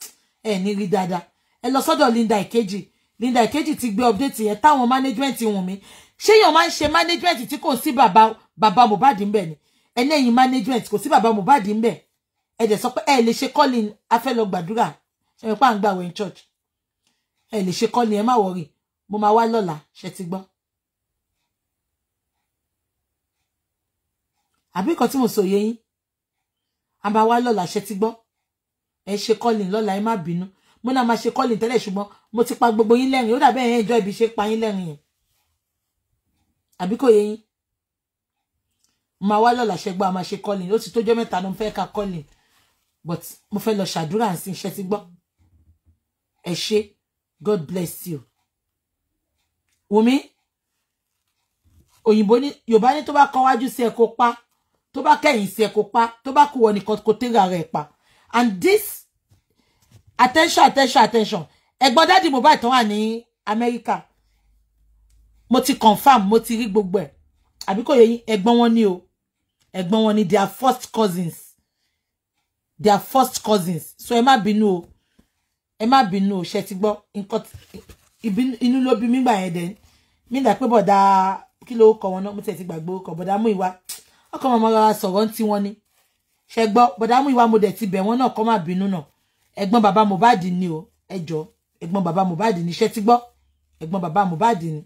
ẹ ní rí dáadáa ẹ lọ Linda ekeji. Linda ekeji ti gbé update yẹn táwọn management wùn mí ṣé èèyàn máa ń management tí kò sí baba bàbá Mohbad ń bẹ̀ ni ẹni ẹ̀yìn management kò sí baba Mohbad ń bẹ̀ ẹ dẹ̀ sọ pé ẹ lè ṣe calling afẹ́lọ gbàdúrà ṣe pa à ń in church ẹ le ṣe calling ẹ má wọrí mo máa wá lọ́la ṣe ti gbọ́. àbí nǹkan tí mo sọ yé yín a máa wá lọ́la ṣe ti gbọ́ ẹ ṣe calling lọ́la ẹ má bínú mo náà máa ṣe calling tẹ́lẹ̀ ṣùgbọ́n mo ti pa gbogbo yín lẹ́rìn ó dàbí ẹ̀yìn ẹjọ́ ibi ṣe pa yín lẹ́rìn yẹn àbí kò yé yín máa wá lọ́la ṣe gbọ́ a máa ṣe calling ó ti tójọ́ mẹ́ta ló ń fẹ́ ka calling but mo fẹ́ lọ ṣàdúrà sí iṣẹ́ ti gbọ́ ẹ ṣe God bless you Wùmí òyìnbó ní Yorùbá ní tó bá kọ wájú sí ẹ kó pa tó bá kẹ̀yìn sí ẹ kó pa tó bá kú wọ nìkan kó tẹ́ra rẹ̀ pa and this attention attention attention ẹ̀gbọ́n dáàdi mobile tó wà ní Amẹ́ríkà mo ti confam mo ti rí gbogbo ẹ̀ àbí kò yẹ yín ẹ̀gbọ́n ni o ẹ̀gbọ́n wọn ni their first cousins Their first cousins so ẹ má bínú o ẹ má bínú o ṣe ti gbọ́ nǹkan inú ló bí mi gbà yẹn dẹ mi dà pé bọ̀dà kí ló kọ wọn mo tẹ̀ ti gbàgbé kọ bọ̀dà mú ìwà wọn kàn máa rọra sọ̀rọ̀ ń tí wọn ni ṣe gbọ́ bọ̀dámú ìwà mo dẹ̀ ti bẹ̀ wọ́n náà kọ́ má bínú náà ẹ̀gbọ́n bàbá Mohbad ni o ẹ jọ ẹ̀gbọ́n bàbá Mohbad ni ṣe ti gbọ́ ẹ̀gbọ́n bàbá Mohbad ni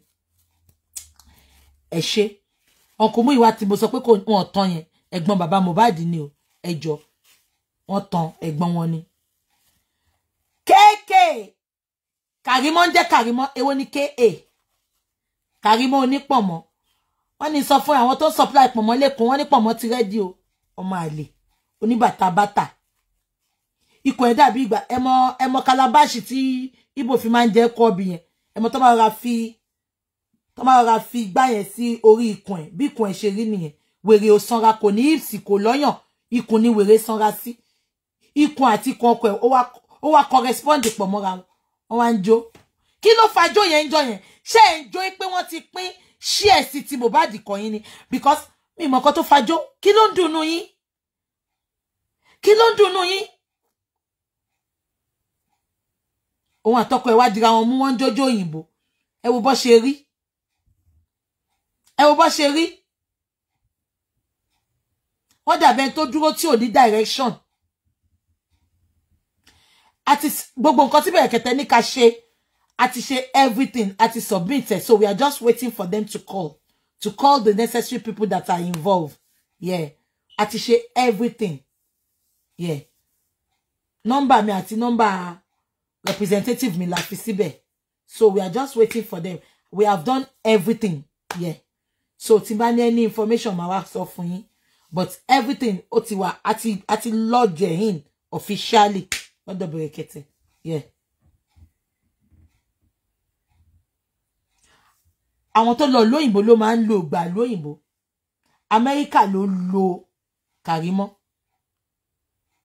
ẹ ṣe ọkùn mú ìwà tí mo sọ pé kò wọn tán yẹn ẹ̀gbọ́n bàbá Mohbad ni o ẹ jọ wọn tan ẹ̀gbọ́n wọn ni. kéèké Kàrímọ́ ń jẹ́ Kàrímọ́ èwo ni kéè Kàrímọ́ onípọ̀mọ́ wọ́n ní sọ fún àwọn tó ń supply pọ̀mọ́ lẹ́kọ̀ọ́ wọ́n ní pọ̀mọ́ ti rẹ́dí o ọmọ àlè oníbàtàbàtà ikọ̀ ẹ̀ dàbí ìgbà ẹmọ ẹmọ kalabashi tí ibo fi máa ń jẹ́ kọ́ọ̀bì yẹn ẹmọ tó máa ra fi tó máa ra fi gbá yẹn sí orí ikùn ẹ̀ bí ikùn ẹ̀ ṣe rí nìyẹn wèrè ò sanra kò ní ìsì kò lọ́yàn ikùn ni wèrè sanra sí ikùn àti ikùn ọkọ ẹ̀ ó wá correspond pọ̀ mọ́ra wọn wọ́n wá ń jó kí ló fa jó yẹn ń jọ yẹn ṣé ẹ̀ ń jó pé wọ́n ti pín ṣí ẹ̀ sí ti Mohbad kàn yín ni because mi mọ̀ kan tó fajó kí ló ń dùnnú yín kí ló ń dùnnú yín òun àtọkọ ẹ̀ wá dira wọn mú wọn jójó òyìnbó ẹ wo bó ṣe rí ẹ wo bó ṣe rí wọ́n dàbẹ́ tó dúró tí ò ní direction àti gbogbo nǹkan tí bẹ̀rẹ̀ kẹtẹ ní ká ṣe a ṣe everything a ti submit it so we are just waiting for them to call to call the necessary people that are involved yeah a ṣe everything yeah Number mi àti number. representative mi la fi síbẹ̀ so we are just waiting for them we have done everything yeah so tí n bá any information màá wá sọ fún yín but everything ó ti wà àti àti lodge in officially lọ́dọ̀ bẹ̀rẹ̀ kete? yeah. àwọn tó lọ lóyìnbó ló máa ń lo ìgbà lóyìnbó amẹ́ríkà ló lo Kàrímọ́